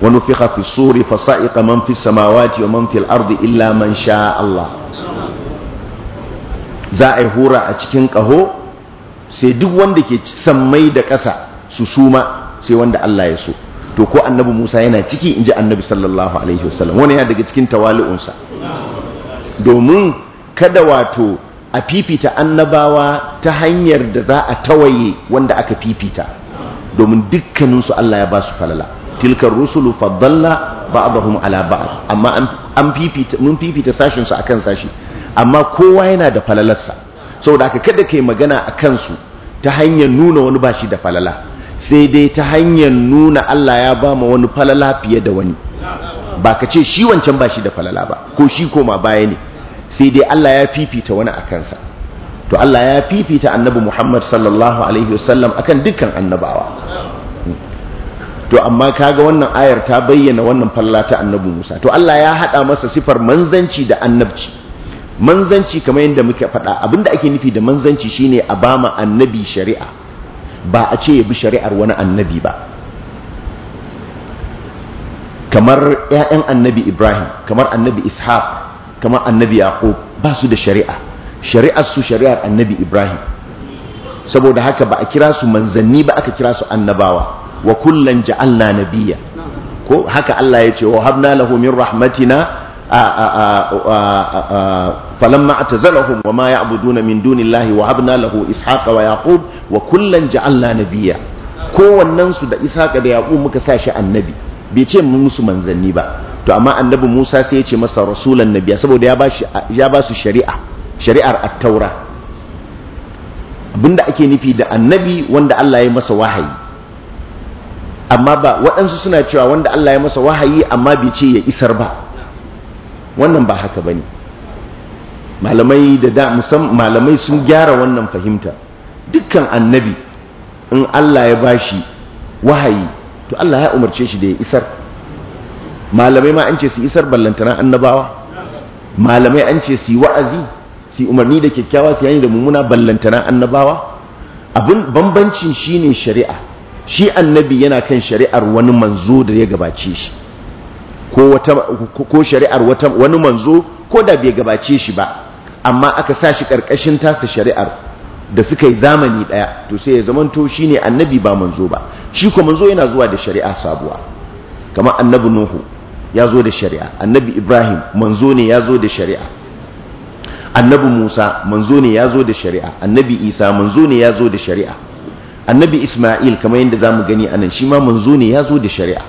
wani fi hafi suri fasa'iƙa man fi samawati wa man fi illa man sha Allah za a yi hura a cikin ƙaho sai duk wanda ke sammai da ƙasa su suma sai wanda Allah ya so to ko annabi Musa yana ciki in ji annabi sallallahu alaihi wasallam wani ya daga cikin tawali'unsa domin kada wato a fifita annabawa ta hanyar da za a tawaye wanda aka fifita domin dukkaninsu Allah ya ba su falala tilkar rusulu faddalla ba'dahum ala ba'd amma an fifita mun fifita sashin su akan sashi amma kowa yana da falalarsa saboda haka kada yi magana a kansu ta hanyar nuna wani bashi da falala sai dai ta hanyar nuna Allah ya ba ma wani falala fiye da wani ba ka ce shi wancan bashi da falala ba ko shi koma baya ne sai dai Allah ya fifita wani a kansa to Allah ya fifita annabi Muhammad sallallahu alaihi wasallam akan dukkan annabawa to amma kaga wannan ayar ta bayyana wannan falala ta annabi Musa to Allah ya hada masa sifar manzanci da annabci manzanci kamar yadda muke faɗa abinda ake nufi da manzanci shine a ba ma annabi shari'a ba a ce ya bi shari'ar wani annabi ba kamar 'ya'yan annabi ibrahim kamar annabi ishaq kamar annabi yaqub ba su da shari'a shari'ar su shari'ar annabi ibrahim saboda haka ba a kira su manzanni ba aka kira su annabawa wa kullan ja'alna nabiyya ko haka Allah ya ce wa habna lahu min rahmatina a فلما اعتزلهم وما يعبدون من دون الله وهبنا له إسحاق ويعقوب وكلا جعلنا نبيا kowannen su da Ishaqa da Yaqub muka sa shi annabi bai ce musu manzanni ba to amma annabi Musa sai ya ce masa rasulan nabiya saboda ya basu ya ba su shari'a shari'ar at-taura abinda ake nufi da annabi wanda Allah ya masa wahayi amma ba waɗansu suna cewa wanda Allah ya masa wahayi amma bai ce ya isar ba wannan ba haka bane malamai da da musamman malamai sun gyara wannan fahimta dukkan annabi in Allah ya bashi wahayi to Allah ya umarce shi da ya isar malamai ma an ce su isar ballantana annabawa malamai an ce su wa'azi su umarni da kyakkyawa su yayin da mummuna ballantana annabawa abin bambancin shine shari'a shi annabi yana kan shari'ar wani manzo da ya gabace shi ko shari'ar wani manzo ko da bai gabace shi ba amma aka sa shi ƙarƙashin tasa shari'ar da suka yi zamani ɗaya, to sai ya zamanto ne annabi ba manzo ba shi ko manzo yana zuwa da shari'a sabuwa kamar annabi nuhu ya zo da shari'a annabi ibrahim manzo ne ya zo da shari'a annabi musa manzo ne ya zo da shari'a annabi isa manzo ne ya zo da shari'a annabi isma'il kamar yadda za mu gani anan shi ma manzo ne ya zo da shari'a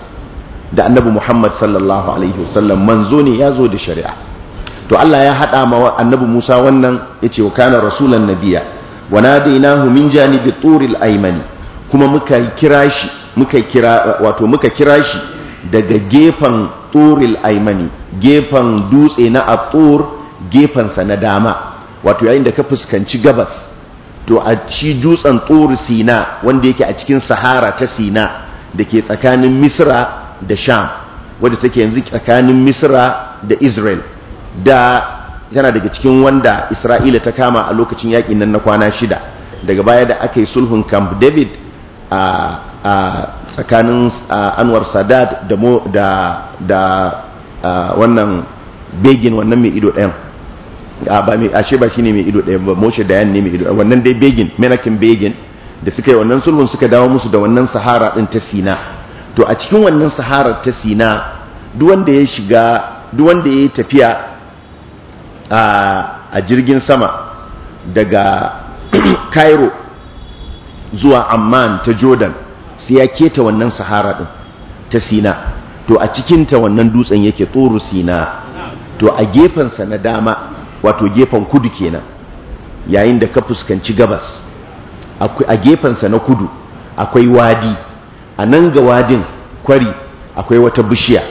da annabi muhammad sallallahu alaihi wasallam manzo ne ya zo da shari'a to Allah ya hada ma annabi Musa wannan yace wa kana rasulan nabiyya wa nadainahu min janibi turil aymani kuma muka kira shi muka kira wato muka kira shi daga gefen turil aymani gefen dutse na atur gefen sa na dama wato yayin da ka fuskanci gabas to a ci dutsen tur sina wanda yake a cikin sahara ta sina da ke tsakanin misra da sham wadda take yanzu tsakanin misra da israel da yana daga cikin wanda isra'ila ta kama a lokacin yakin nan na kwana shida daga baya da aka yi sulhun camp david a tsakanin anwar sadat da wannan begin wannan mai ido ɗayan ashe ba shi ne mai ido ɗayan ba moshe dayan ne mai ido wannan dai begin menakin begin da suka yi wannan sulhun suka dawo musu da wannan sahara ɗin ta sina to a cikin wannan sahara ta sina duwanda ya shiga duwanda ya yi tafiya a jirgin sama daga cairo zuwa amman ta jordan sai ya keta wannan sahara din ta sina to a cikinta wannan dutsen yake tsoro sina to a gefensa na dama wato gefen kudu kenan yayin da ka fuskanci gabas a gefensa na kudu akwai wadi a nan ga wadin kwari akwai wata bishiya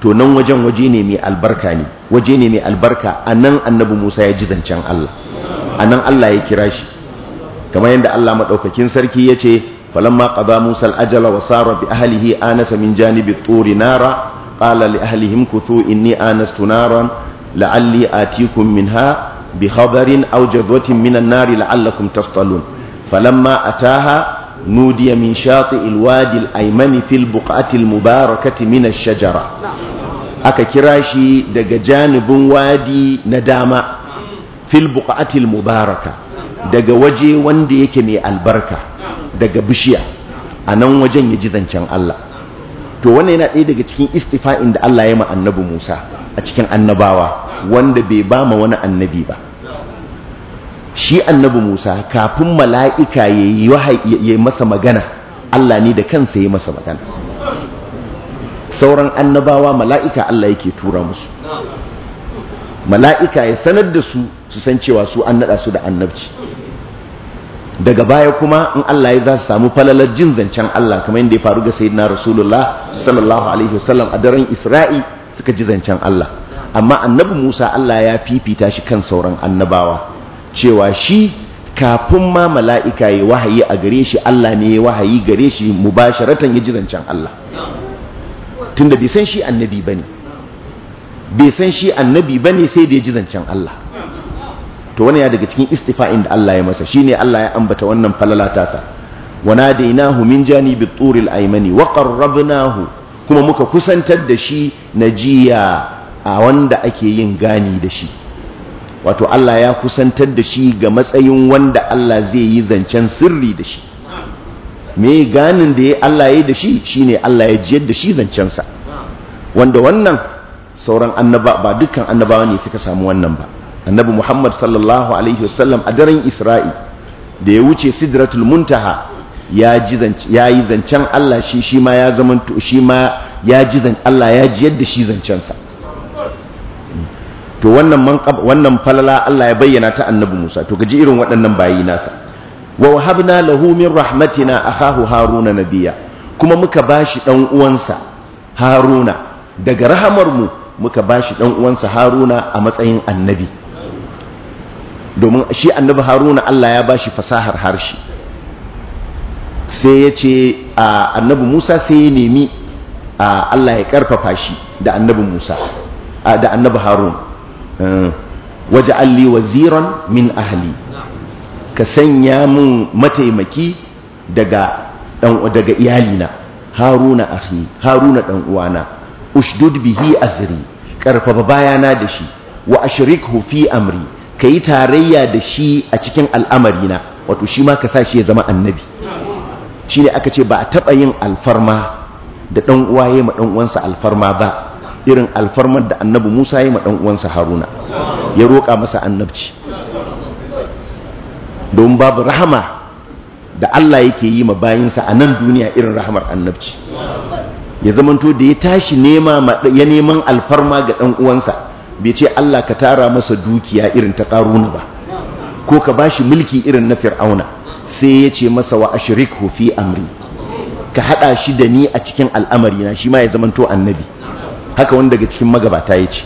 to nan wajen waje ne mai albarka ne waje ne mai albarka a nan annabi musa ya ji zancen allah a nan allah ya kira shi kamar yadda allah maɗaukakin sarki ya ce falamma ƙaza musa al'ajala wa sara bi ahalihi anasa min janibi tsori nara ƙala li ahalihim kuthu inni anastu naran la'alli atikum minha bi khabarin aw jadwatin minan nari la'allakum tastalun falamma ataha نودي min شاطئ الوادي الأيمن fil البقعة mubarakati من shajara aka kira shi daga janibin wadi na dama fil buƙatil mubaraka daga waje wanda yake mai albarka daga bishiya a nan wajen ya ji zancen Allah to wannan yana ɗaya daga cikin istifa'in da Allah ya ma annabi Musa a cikin annabawa wanda bai ba ma wani annabi ba shi annabi Musa kafin mala'ika ya yi masa magana Allah ne da kansa ya yi masa magana sauran annabawa mala'ika Allah yake tura musu mala'ika ya sanar da su su san cewa su an nada su da annabci daga baya kuma in Allah ya za su samu falalar jin zancen Allah kamar yadda ya faru ga sayyidina rasulullah sallallahu alaihi wasallam a daren isra'i suka ji zancen Allah amma annabi Musa Allah ya fifita shi kan sauran annabawa cewa shi kafin ma mala'ika ya wahayi a gare shi Allah ne ya wahayi gare shi mubasharatan ya ji zancen Allah tunda bai san shi annabi bane bai san shi annabi bane sai da ya ji zancen Allah to wani ya daga cikin istifa'in da Allah ya masa shine Allah ya ambata wannan falala tasa wanadainahu min janibi turil aymani wa qarrabnahu kuma muka kusantar da shi najiya a wanda ake yin gani da shi wato Allah ya kusantar da shi ga matsayin wanda Allah zai yi zancen sirri da shi me ganin da ya Allah ya yi da shi shine Allah ya jiyar da shi zancensa wanda wannan sauran annaba ba dukkan annabawa ne suka samu wannan ba annabi Muhammad sallallahu alaihi wasallam a daren Isra'i da ya wuce Sidratul Muntaha ya ji yi zancen Allah shi shi ma ya zamanto shi ma ya ji zan Allah ya jiyar da shi zancensa to wannan falala Allah ya bayyana ta annabi Musa to gaji irin waɗannan bayi nasa wa wahabna lahu min rahmatina hahu haruna nabiyya kuma muka bashi dan uwansa haruna daga rahamar mu muka bashi dan uwansa haruna a matsayin annabi domin shi annabi haruna Allah ya bashi fasahar harshe sai ya ce annabi musa sai ya nemi Allah ya karfafa shi da annabi musa da annabi harun eh, waje alli waziran min ahli ka sanya mun mataimaki daga daga iyalina haruna akhi haruna dan uwana ushdud bihi azri karfafa bayana da shi wa ashrikhu fi amri kai tarayya da shi a cikin al'amarina wato shi ma ka sa shi ya zama annabi Shi ne aka ce ba a taɓa yin alfarma da dan uwa yayi ma uwansa alfarma ba irin alfarmar da annabi Musa yayi ma dan uwansa Haruna ya roƙa masa annabci don babu rahama da Allah yake yi ma bayinsa a nan duniya irin rahamar annabci ya zamanto da ya tashi nema ya neman alfarma ga ɗan uwansa bai ce Allah ka tara masa dukiya irin ta ƙaruna ba ko ka bashi mulki irin na fir'auna sai ya ce masa wa ashirik fi amri ka haɗa shi da ni a cikin al'amari na shi ma ya zamanto annabi haka wani daga cikin magabata ya ce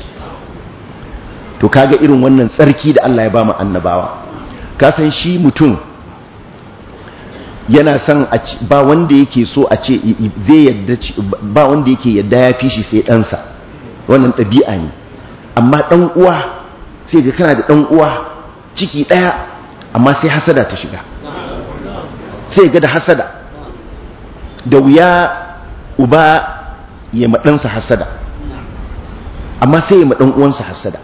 to kaga irin wannan tsarki da Allah ya ba mu annabawa kasan shi mutum yana san ba wanda yake so a ce zai yadda ba wanda yake yadda ya fi shi sai ɗansa wannan ɗabi'a ne amma ɗan uwa sai ga kana da ɗan uwa ciki ɗaya amma sai hasada ta shiga sai ga da hasada da wuya uba ya maɗansa hasada amma sai ya maɗan uwansa hasada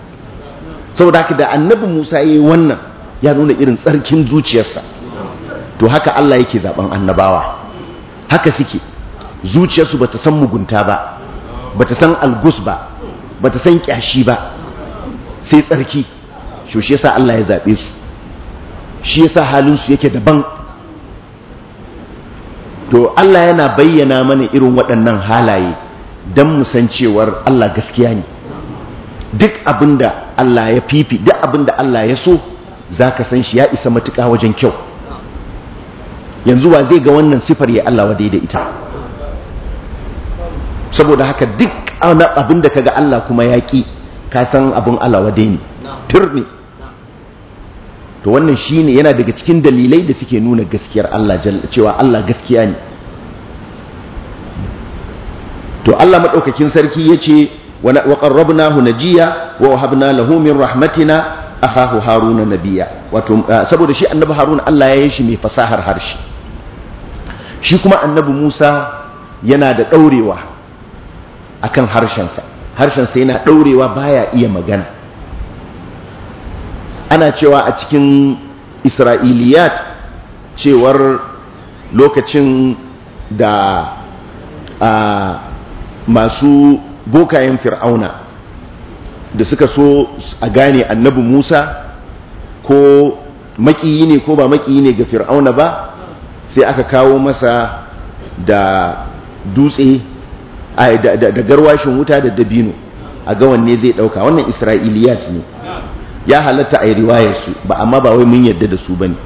da haka da annabi musa ya yi wannan ya nuna irin tsarkin zuciyarsa to haka Allah yake zaben annabawa haka suke zuciyarsu bata san mugunta ba bata san algus ba bata san kyashi ba sai tsarki to shi yasa Allah ya zabe su shi yasa halin su yake daban to Allah yana bayyana mana irin waɗannan halaye don mu san cewar Allah gaskiya ne duk abinda Allah ya fifi duk abinda Allah ya so za ka san shi ya isa matuka wajen kyau yanzu wa zai ga wannan sifar ya Allah wa daidai ita saboda haka duk abin da ka ga Allah kuma ya ƙi ka san abin Allah wa daini tur ne to wannan shi ne yana daga cikin dalilai da suke nuna gaskiyar Allah cewa Allah gaskiya ne to Allah maɗaukakin sarki ya ce wa ƙarrabna hunajiya wa wahabna lahu min rahmatina akahu haruna nabiya wato ah, saboda shi annabi haruna Allah ya yi shi mai fasahar harshe shi kuma annabi Musa yana da daurewa akan harshensa harshensa yana daurewa baya iya magana ana cewa a cikin Isra'iliyat cewar lokacin da ah, masu bokayen fir'auna da suka so a gane annabi musa ko makiyi ne ko ba makiyi ne ga fir'auna ba sai aka kawo masa da dutse da garwashin wuta da dabino a ga wanne zai dauka wannan isra'iliyat ne ya halatta a yi riwayarsu ba amma ba wai mun yadda da su ba ne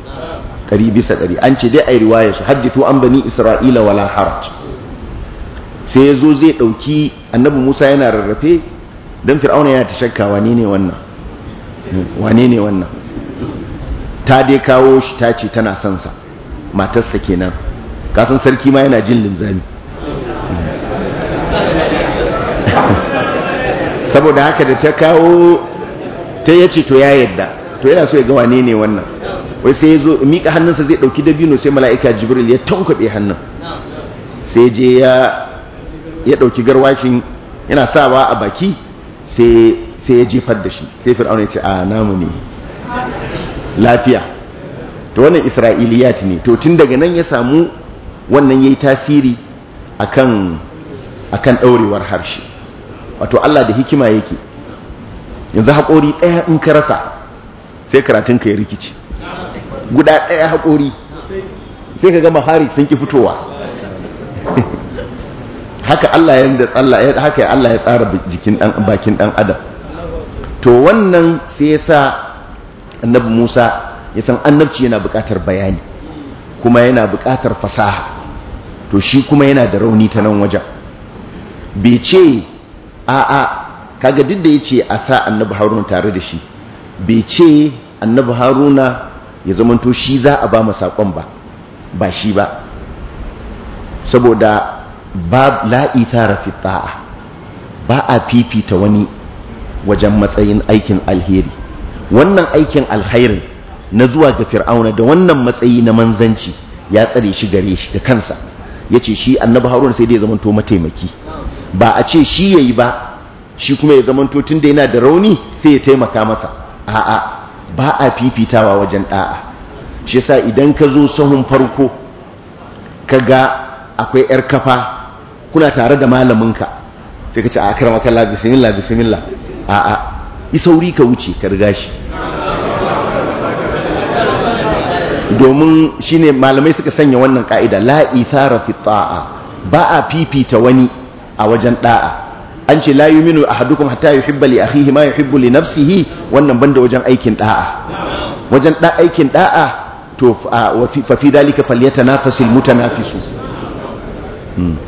ɗari bisa ɗari an ce dai a yi riwayarsu haddito an bani isra'ila wala haraj sai ya zo zai ɗauki annabi musa yana rarrafe don fir'auna yana ta shakka wani ne wannan wani ne wannan ta dai kawo shi ta ce tana sansa matarsa kenan kasan sarki ma yana jin linzami saboda haka da ta kawo ta yace to ya yadda to yana so ya ga wani ne wannan wai sai ya zo miƙa hannunsa zai ɗauki dabino sai mala'ika jibril ya tankwaɓe hannun sai je ya ɗauki garwashin yana sa a baki sai ya jefar da shi sai fir'auna ya ce a namu ne lafiya to wannan isra'iliyat ne to tun daga nan ya samu wannan yayi tasiri akan akan daurewar harshe wato Allah da hikima yake yanzu haƙori ɗaya in ka rasa sai karatun ka ya rikici guda ɗaya haƙori sai ka gama hari sun ki fitowa haka Allah ya tsara jikin dan bakin dan adam to wannan sai yasa annabi Musa ya san annabci yana buƙatar bayani kuma yana buƙatar fasaha to shi kuma yana da rauni ta nan wajen bai ce a a kaga duk da yace a sa annabi Haruna tare da shi bai ce annabi Haruna ya zamanto shi za a ba mu sakon ba ba shi ba saboda ba la ithara fi ta'a ba a fifita wani wajen matsayin aikin alheri wannan aikin alhairin na zuwa ga fir'auna da wannan matsayi na manzanci ya tsare shi gare shi da kansa ya ce shi annabi haruna sai dai ya zamanto mataimaki ba a ce shi ya yi ba shi kuma ya zamanto tun da yana da rauni sai ya taimaka masa a'a ba a fifitawa wajen da'a shi yasa idan ka zo sahun farko ka ga akwai 'yar kafa kuna tare da malaminka sai ka ce a karama kalla bismillah bismillah a a yi sauri ka wuce ka riga shi domin shine malamai suka sanya wannan ka'ida lai ithara fi ba a fifita wani a wajen da'a an ce la yuminu ahadukum hatta yuhibba a akhihi ma yuhibbu li nafsihi wannan banda wajen aikin da'a wajen aikin da'a to fa fi dalika fi mutanafisu hmm.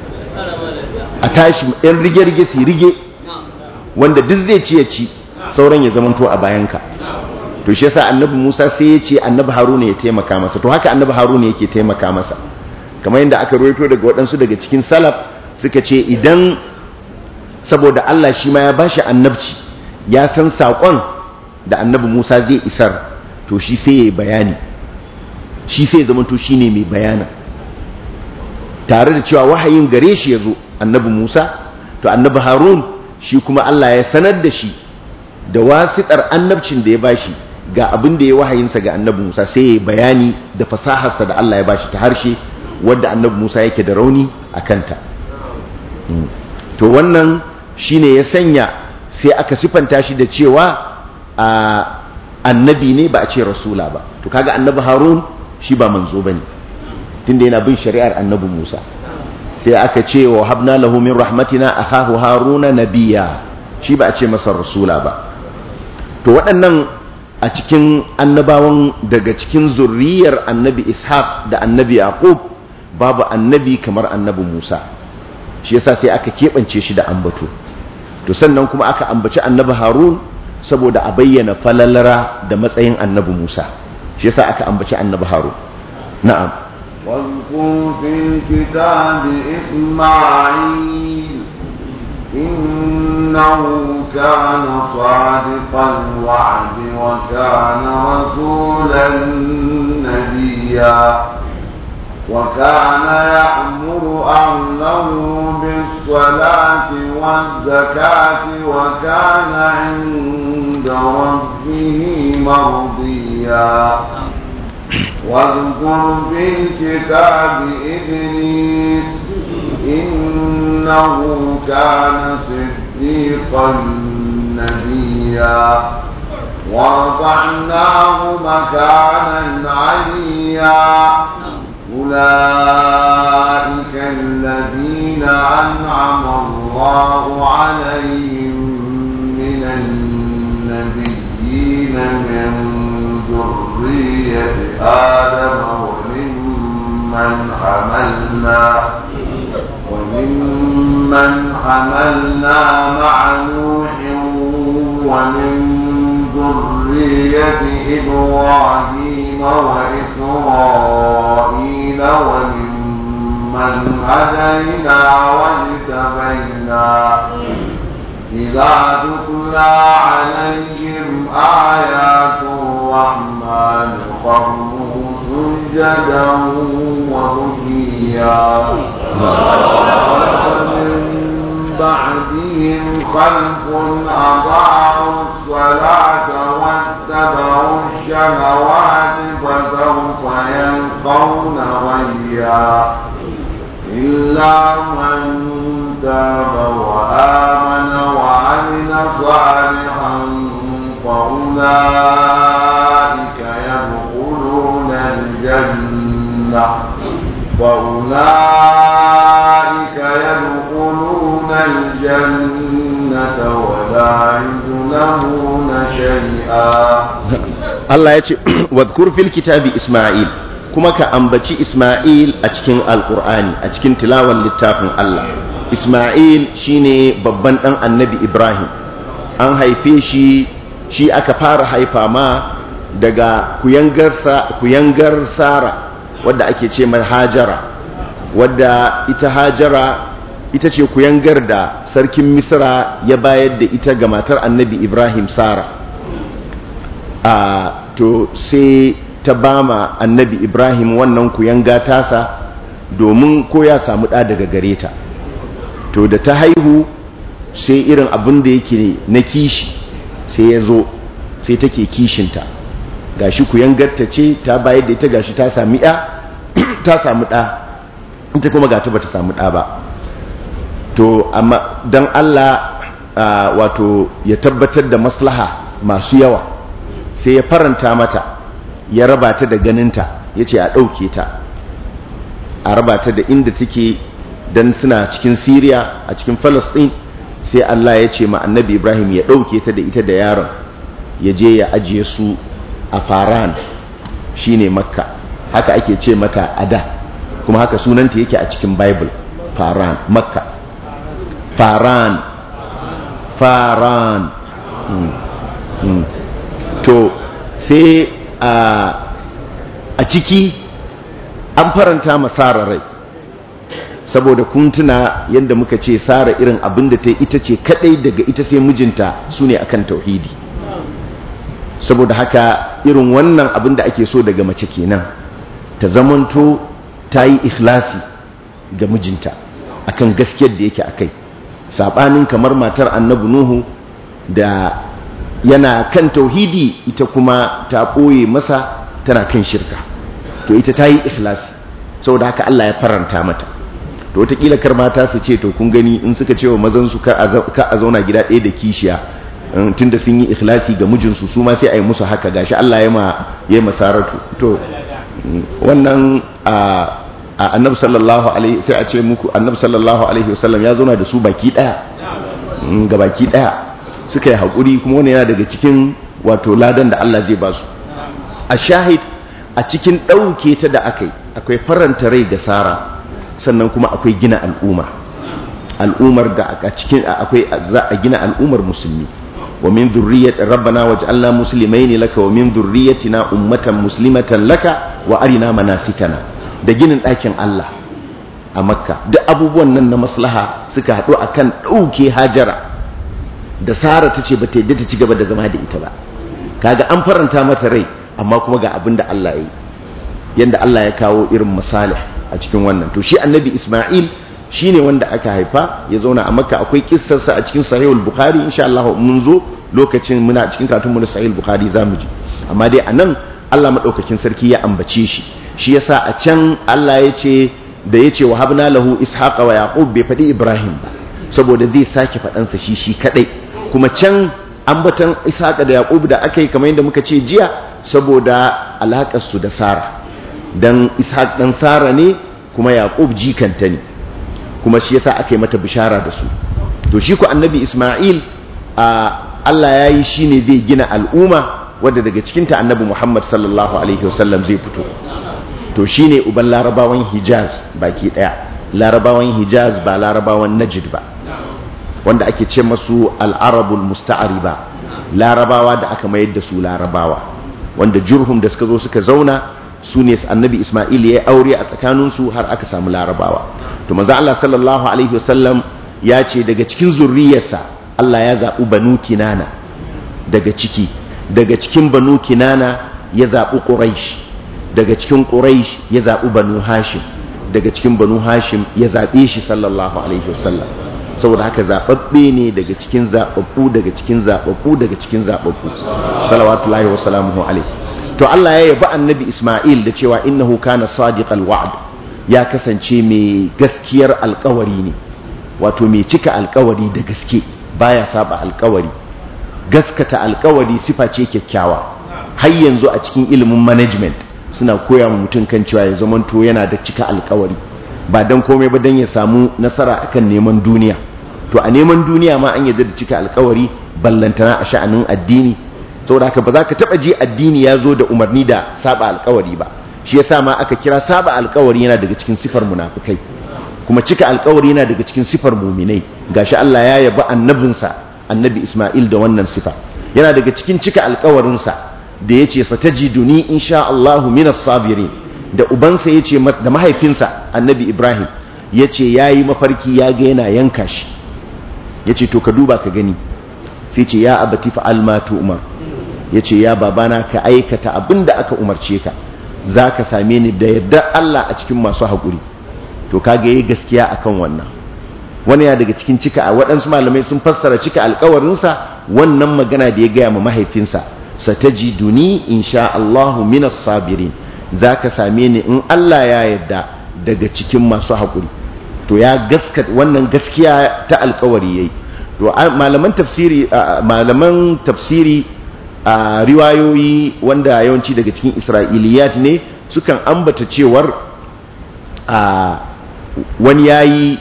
a tashi yan rige-rige su rige wanda duk zai ci ya ci sauran ya zamanto a bayanka to shi yasa annabi Musa sai ya ce annabi Haruna ya taimaka masa to haka annabi Haruna yake taimaka masa kamar yadda aka rawaito daga waɗansu daga cikin salaf suka ce idan saboda Allah shi ma ya shi annabci ya san saƙon da annabi Musa zai isar to shi sai ya yi bayani shi sai zamanto ne mai bayana tare da cewa wahayin gare shi ya zo annabi musa to annabi harun shi kuma allah ya sanar da shi da wasitar annabcin da ya ba shi ga abin da ya wahayinsa ga annabi musa sai ya bayani da fasaharsa da allah ya bashi ta harshe wadda annabi musa yake da rauni a kanta mm. to wannan shi ne ya sanya sai aka sifanta shi da cewa annabi ne ba a ce rasula ba to kaga annabi harun shi ba manzo ba ne tunda yana bin shari'ar annabi Musa sai aka ce wa habna lahu min rahmatina akahu haruna nabiyya shi ba a ce masa rasula ba to waɗannan a cikin annabawan daga cikin zurriyar annabi ishaq da annabi yaqub babu annabi kamar annabi musa shi yasa sai aka keɓance shi da ambato to sannan kuma aka ambaci annabi harun saboda a bayyana falalara da matsayin annabi musa shi yasa aka ambaci annabi harun na'am واذكر في الكتاب إسماعيل إنه كان صادق الوعد وكان رسولا نبيا وكان يأمر أهله بالصلاة والزكاة وكان عند ربه مرضيا واذكر في الكتاب إدريس إنه كان صديقا نبيا ورفعناه مكانا عليا أولئك الذين أنعم الله عليهم من النبيين من ذرية آدم وممن حملنا وممن حملنا مع نوح ومن ذرية إبراهيم وإسرائيل وممن هدينا واجتبينا إذا تتلى عليهم آيات الرحمن خروا سجدا وبكيا ومن بعدهم خلف أضاعوا الصلاة واتبعوا الشهوات فسوف يلقون غيا إلا من تاب وآمن وعمل صالحا فأولئك يدخلون الجنة فأولئك يدخلون الجنة ولا يظلمون شيئا الله يتي واذكر في الكتاب إسماعيل kuma ka ambaci Ismail a cikin Alƙur'ani a cikin tilawan littafin Allah isma'il shine babban ɗan annabi ibrahim an haife shi shi aka fara haifa ma daga kuyangar sara wadda ake ce mai hajara wadda ita hajara ita ce kuyangar da sarkin misra ya bayar da ita ga matar annabi ibrahim sara a to sai ta bama annabi ibrahim wannan kuyanga tasa domin ko ya samu ɗa daga gareta. to da ta haihu sai irin abin da yake na kishi sai ya zo sai take kishinta gashi ku yangarta ce ta bayar da ita gashi ta sami ya ta samu ɗa ita kuma gata ba ta samu ɗa ba to amma don allah wato ya tabbatar da maslaha masu yawa sai ya faranta mata ya raba da ganinta ya ce a ɗauke ta a rabata da inda take dan suna cikin Siriya a cikin Palestine sai Allah ya ce ma Annabi Ibrahim ya ɗauke ta da ita da yaron ya je ya ajiye su a Faran shine Makka haka ake ce mata ada kuma haka sunanta yake a cikin Bible Faran Makka Faran Faran hmm. Hmm. to sai a ciki an faranta masa rai saboda kun tuna yadda muka ce sara irin abin da ta ita ce kadai daga ita sai mijinta su ne akan tauhidi saboda haka irin wannan abin da ake so daga mace kenan ta zamanto ta yi ikhlasi ga mijinta akan gaskiyar da yake akai sabanin kamar matar annabi nuhu da yana kan tauhidi ita kuma ta ɓoye masa tana kan shirka to ita ta yi ikhlasi saboda haka Allah ya faranta mata to watakila kar mata su ce to kun gani in suka ce wa su ka a zauna gida ɗaya da kishiya tun da sun yi ikhlasi ga mijinsu su ma sai a yi musu haka gashi Allah ya yi masaratu to wannan a annab sallallahu alaihi sai a ce muku annab sallallahu alaihi wasallam ya zauna da su baki ɗaya mm, ga baki ɗaya suka yi haƙuri kuma wani yana daga cikin wato ladan da Allah zai ba su a shahid a cikin ɗauke ta da aka akwai faranta rai ga sara sannan kuma akwai gina al'umma al'ummar da a cikin akwai za a gina al'ummar musulmi wa min dhurriyyati Allah waj'alna ne laka wa min dhurriyyatina ummatan muslimatan laka wa arina manasikana da ginin ɗakin Allah a Makka duk abubuwan nan na maslaha suka haɗu kan ɗauke Hajara da Sara tace ba ta yadda ta ci gaba da zama da ita ba kaga an faranta mata rai amma kuma ga abin da Allah ya yi yanda Allah ya kawo irin masalih a cikin wannan to shi annabi isma'il shi ne wanda aka haifa ya zauna a makka akwai kissarsa a cikin sahihul bukhari insha Allah mun zo lokacin muna cikin karatun mu na sahihul bukhari zamu ji amma dai a nan Allah madaukakin sarki ya ambace shi shi yasa a can Allah ya da ya ce wa habna lahu ishaqa wa yaqub bai faɗi ibrahim ba saboda zai sake sa shi shi kadai kuma can ambatan ishaqa da yaqub da aka yi kamar yadda muka ce jiya saboda su da sara dan ishaq dan sara ne kuma yaqub jikanta ne kuma shi yasa aka yi mata bishara da su to shi ku annabi isma'il a Allah ya yi shi ne zai gina al'umma wadda daga cikinta annabi Muhammad sallallahu Alaihi wasallam zai fito to shi ne uban larabawan hijaz baki ɗaya larabawan hijaz ba larabawan najid ba wanda ake ce masu al'arabul musta'ari ba larabawa da aka mayar da su larabawa wanda jurhum da suka zo suka zauna su ne annabi Ismail ya yi aure a tsakaninsu har aka samu larabawa to maza Allah sallallahu alaihi wasallam ya ce daga cikin zurriyarsa Allah ya zaɓi banu kinana daga ciki daga cikin banu kinana ya zaɓi ƙuraishi daga cikin ƙuraishi ya zaɓi banu hashim daga cikin banu hashim ya zaɓe shi sallallahu alaihi wasallam saboda haka zaɓaɓɓe ne daga cikin zaɓaɓɓu daga cikin zaɓaɓɓu daga cikin zaɓaɓɓu salawatullahi wa salamuhu alaihi to Allah ya yabi annabi Ismail da cewa innahu kana sadiqal wa'd ya kasance mai gaskiyar alkawari ne wato mai cika alkawari da gaske baya saba alkawari gaskata alkawari sifa ce kyakkyawa har yanzu a cikin ilimin management suna koya mu mutum kan cewa ya zamanto yana da cika alkawari ba dan komai ba dan ya samu nasara akan neman duniya to a neman duniya ma an yadda da cika alkawari ballantana a sha'anin addini saboda haka ba za ka taba ji addini ya zo da umarni da saba alkawari ba shi yasa ma aka kira saba alkawari yana daga cikin sifar munafukai kuma cika alkawari yana daga cikin sifar muminai shi Allah ya yaba annabinsa annabi Isma'il da wannan sifa yana daga cikin cika alkawarinsa da ya yace satajiduni insha Allah minas sabirin da ubansa ce da mahaifinsa annabi Ibrahim ya ce ya yi mafarki ya ga yana yanka shi ya ce to ka duba ka gani sai ce ya abati fa ma umar ya ce ya babana ka aikata abin da aka umarce ka za ka same ni da yadda Allah a cikin masu haƙuri to kaga yi gaskiya a kan wannan wani ya daga cikin cika a waɗansu malamai sun fassara cika alkawarinsa wannan magana da ya gaya ma mahaifinsa Sa ta ji duni in sha Allahu minas sabirin za ka same ni in Allah ya yadda daga cikin masu haƙuri to ya gaskata wannan gaskiya ta alkawari yayi to malaman tafsiri a riwayoyi wanda yawanci daga cikin isra'iliyat ne sukan ambata cewar wani ya yi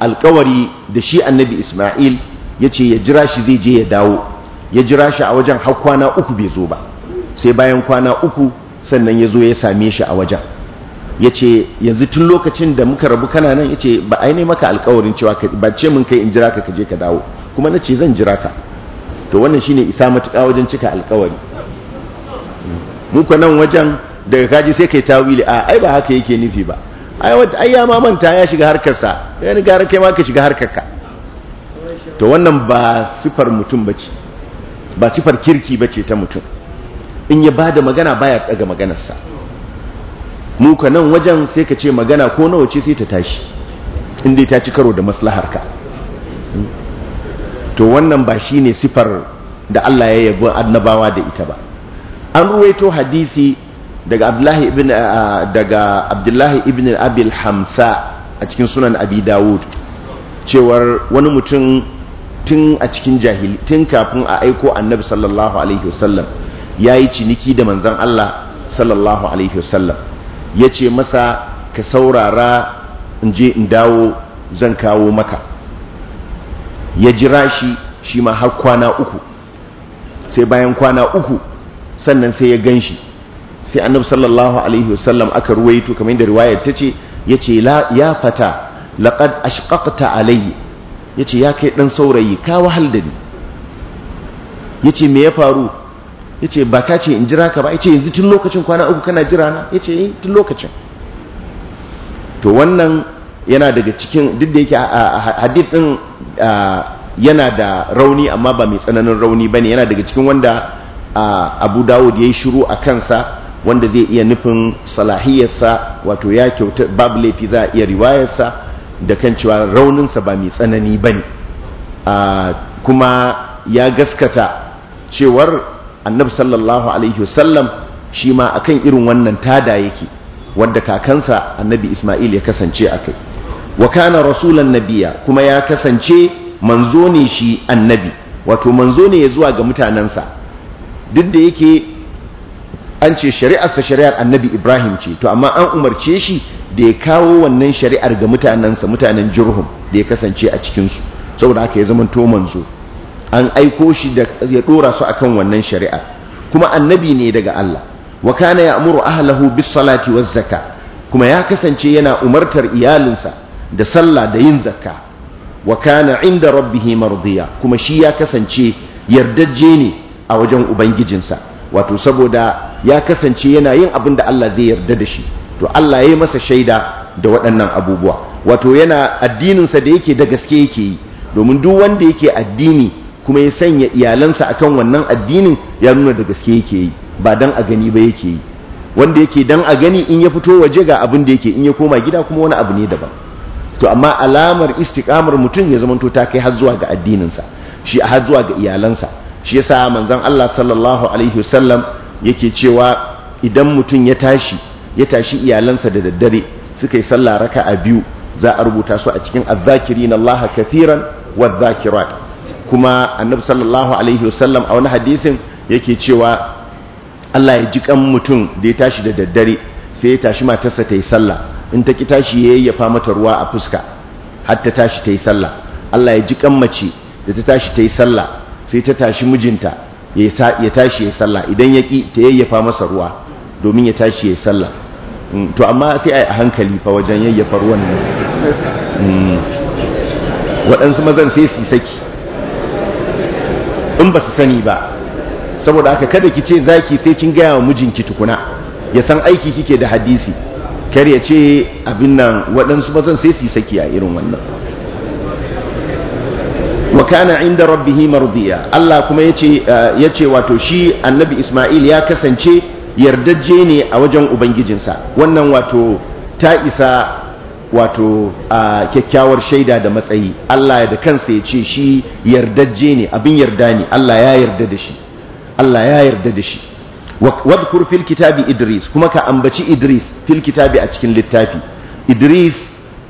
alkawari da shi annabi isma'il ya ce ya jira shi zai je ya dawo ya jira shi a wajen har kwana uku bai zo ba sai bayan kwana uku sannan ya zo ya same shi a wajen ya ce yanzu tun lokacin da muka rabu kana nan ya ce ba a yi maka alkawarin cewa ba ce mun kai in jira ka je ka dawo kuma na ce zan jira ka to wannan shine isa matuƙa wajen cika alkawari muka nan wajen daga kaji sai kai tawili a ai ba haka yake nufi ba ai ya ma manta ya shiga harkarsa ya ni gara kai ma ka shiga harkarka to wannan ba sifar mutum bace ba sifar kirki bace ta mutum in ya bada magana baya daga maganarsa muka nan wajen sai ka ce magana ko nawa ce sai ta tashi in dai ta ci karo da maslahar ka to wannan ba shi ne sifar da Allah ya yabi annabawa da ita ba an ruwaito hadisi daga abdullahi ibn daga abdullahi ibn abil hamsa a cikin sunan abi dawud cewar wani mutum tun a cikin jahili tun kafin a aiko annabi sallallahu alaihi wasallam yayi ciniki da manzon Allah sallallahu alaihi wasallam yace masa ka saurara in je in dawo zan kawo maka ya jira shi shi ma har kwana uku sai bayan kwana uku sannan sai ya gan shi sai annab sallallahu alaihi wasallam aka ruwaito kamar yadda riwayar ta ce ya ce ya fata laƙad ashƙaƙta alayi ya ce ya kai ɗan saurayi ka wahal da ni ya ce me ya faru ya ce ba ka ce in jira ka ba ya ce yanzu tun lokacin kwana uku kana jira na ya ce eh, tun lokacin to wannan yana daga cikin duk da yake a hadith din yana da rauni amma ba mai tsananin rauni bane yana daga cikin wanda abu dawud ya yi shiru a kansa wanda zai iya nufin salahiyarsa wato ya kyauta babu laifi za a iya riwayarsa da kan cewa rauninsa ba mai tsanani ba ne kuma ya gaskata cewar annabi sallallahu alaihi wasallam shi ma akan irin wannan tada yake wadda kakansa annabi ismail ya kasance a kai wa kana rasulan nabiya kuma ya kasance manzo ne shi annabi wato manzo ne ya zuwa ga mutanensa duk da yake an ce shari'arsa shari'ar annabi ibrahim ce to amma an umarce shi da ya kawo wannan shari'ar ga mutanensa mutanen jirhum da ya kasance a cikinsu saboda haka ya to manzo an aiko shi da ya dora su akan wannan shari'ar kuma annabi ne daga Allah wa kana amuru ahlahu bis salati waz zakat kuma ya kasance yana umartar iyalinsa da sallah da yin zakka wa kana inda rabbihi mardiya kuma shi ya kasance yardajje ne a wajen ubangijinsa wato saboda ya kasance yana yin abin da Allah zai yarda da shi to Allah ya yi masa shaida da waɗannan abubuwa wato yana addininsa da yake da gaske yake yi domin duk wanda yake addini kuma ya sanya iyalansa akan wannan addinin ya nuna da gaske yake yi ba dan a gani ba yake yi wanda yake dan a gani in ya fito waje ga abin da yake in ya koma gida kuma wani abu ne daban to amma alamar istiqamar mutum ya zamanto ta kai har zuwa ga addininsa shi har zuwa ga iyalansa shi yasa manzon Allah sallallahu alaihi wasallam yake cewa idan mutum ya tashi ya tashi iyalansa da daddare suka yi sallah raka'a biyu za a rubuta su a cikin azzakirin Allah kathiran wadh zakirat kuma annabi sallallahu alaihi wasallam a wani hadisin yake cewa Allah ya ji kan mutum da ya tashi da daddare sai ya tashi matarsa ta yi sallah in ta ki tashi ya yayyafa mata ruwa a fuska har ta tashi ta yi sallah Allah ya ji kammace da ta tashi ta yi sallah sai ta tashi mijinta ya tashi ya yi sallah idan ya ki ta yayyafa masa ruwa domin ya tashi ya yi sallah mm, to amma sai a yi hankali fa wajen yayyafa ruwan nan mm. waɗansu mazan sai su saki in ba su sani ba saboda haka kada ki ce zaki sai kin gaya wa mijinki tukuna ya san aiki kike da hadisi kar ya ce abin nan waɗansu mazan sai su yi saki a irin wannan wa kana inda rabbihi mardiya Allah kuma yace eh, yace wato shi annabi Isma'il ya kasance yardajje ne a wajen ubangijinsa wannan wato ta isa wato a kyakkyawar shaida da matsayi Allah da kansa ya ce shi yardajje ne abin yarda ne Allah Allah ya yarda da shi wadkur fil kitabi idris kuma ka ambaci idris fil kitabi a cikin littafi idris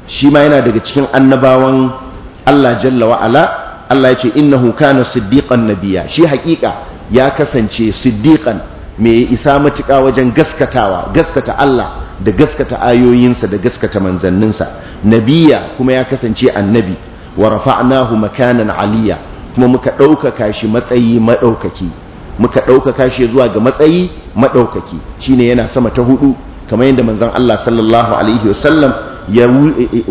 shi ma yana daga cikin annabawan Allah jalla wa'ala, Allah ya ce innahu kana siddiqan nabiyya shi hakika ya kasance siddiqan mai isa matuƙa wajen gaskatawa gaskata Allah da gaskata ayoyinsa da gaskata manzanninsa nabiyya kuma ya kasance annabi wa rafa'nahu makanan aliyya kuma muka ɗaukaka shi matsayi maɗaukaki muka ɗaukaka shi zuwa ga matsayi maɗaukaki shine yana sama ta hudu kamar yadda manzon Allah sallallahu alaihi wasallam ya e,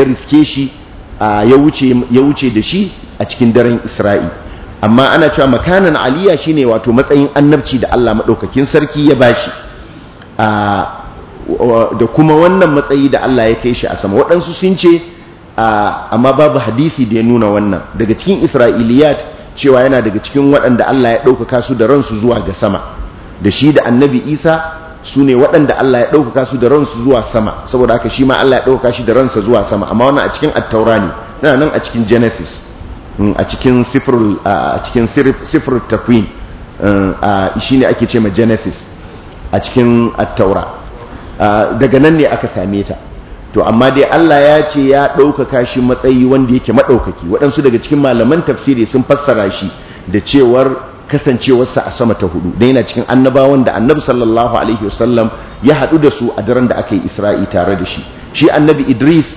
e, riske shi ya wuce da shi a cikin daren Isra'i amma ana cewa makanan aliya shine wato matsayin annabci da Allah maɗaukakin sarki ya bashi da kuma wannan matsayi da Allah ya kai shi a sama waɗansu sun ce amma babu hadisi da ya nuna wannan daga cikin Isra'iliyat cewa yana daga cikin waɗanda Allah ya ɗaukaka su da ransu zuwa ga sama da shi da annabi isa su ne waɗanda Allah ya ɗaukaka su da ransu zuwa sama saboda haka shi ma Allah ya ɗaukaka shi da ransa zuwa sama amma wannan a cikin attaura ne tana nan a cikin genesis hmm, a cikin sifirul tafiyin hmm, shi ne ake ce ma genesis a cikin attaura daga nan ne aka same ta to amma dai Allah ya ce ya ɗaukaka shi matsayi wanda yake maɗaukaki waɗansu daga cikin malaman tafsiri sun fassara shi da cewar kasancewarsa a sama ta hudu da yana cikin annabawan da annabi sallallahu alaihi wasallam ya haɗu da su a daren da aka yi isra'i tare da shi shi annabi idris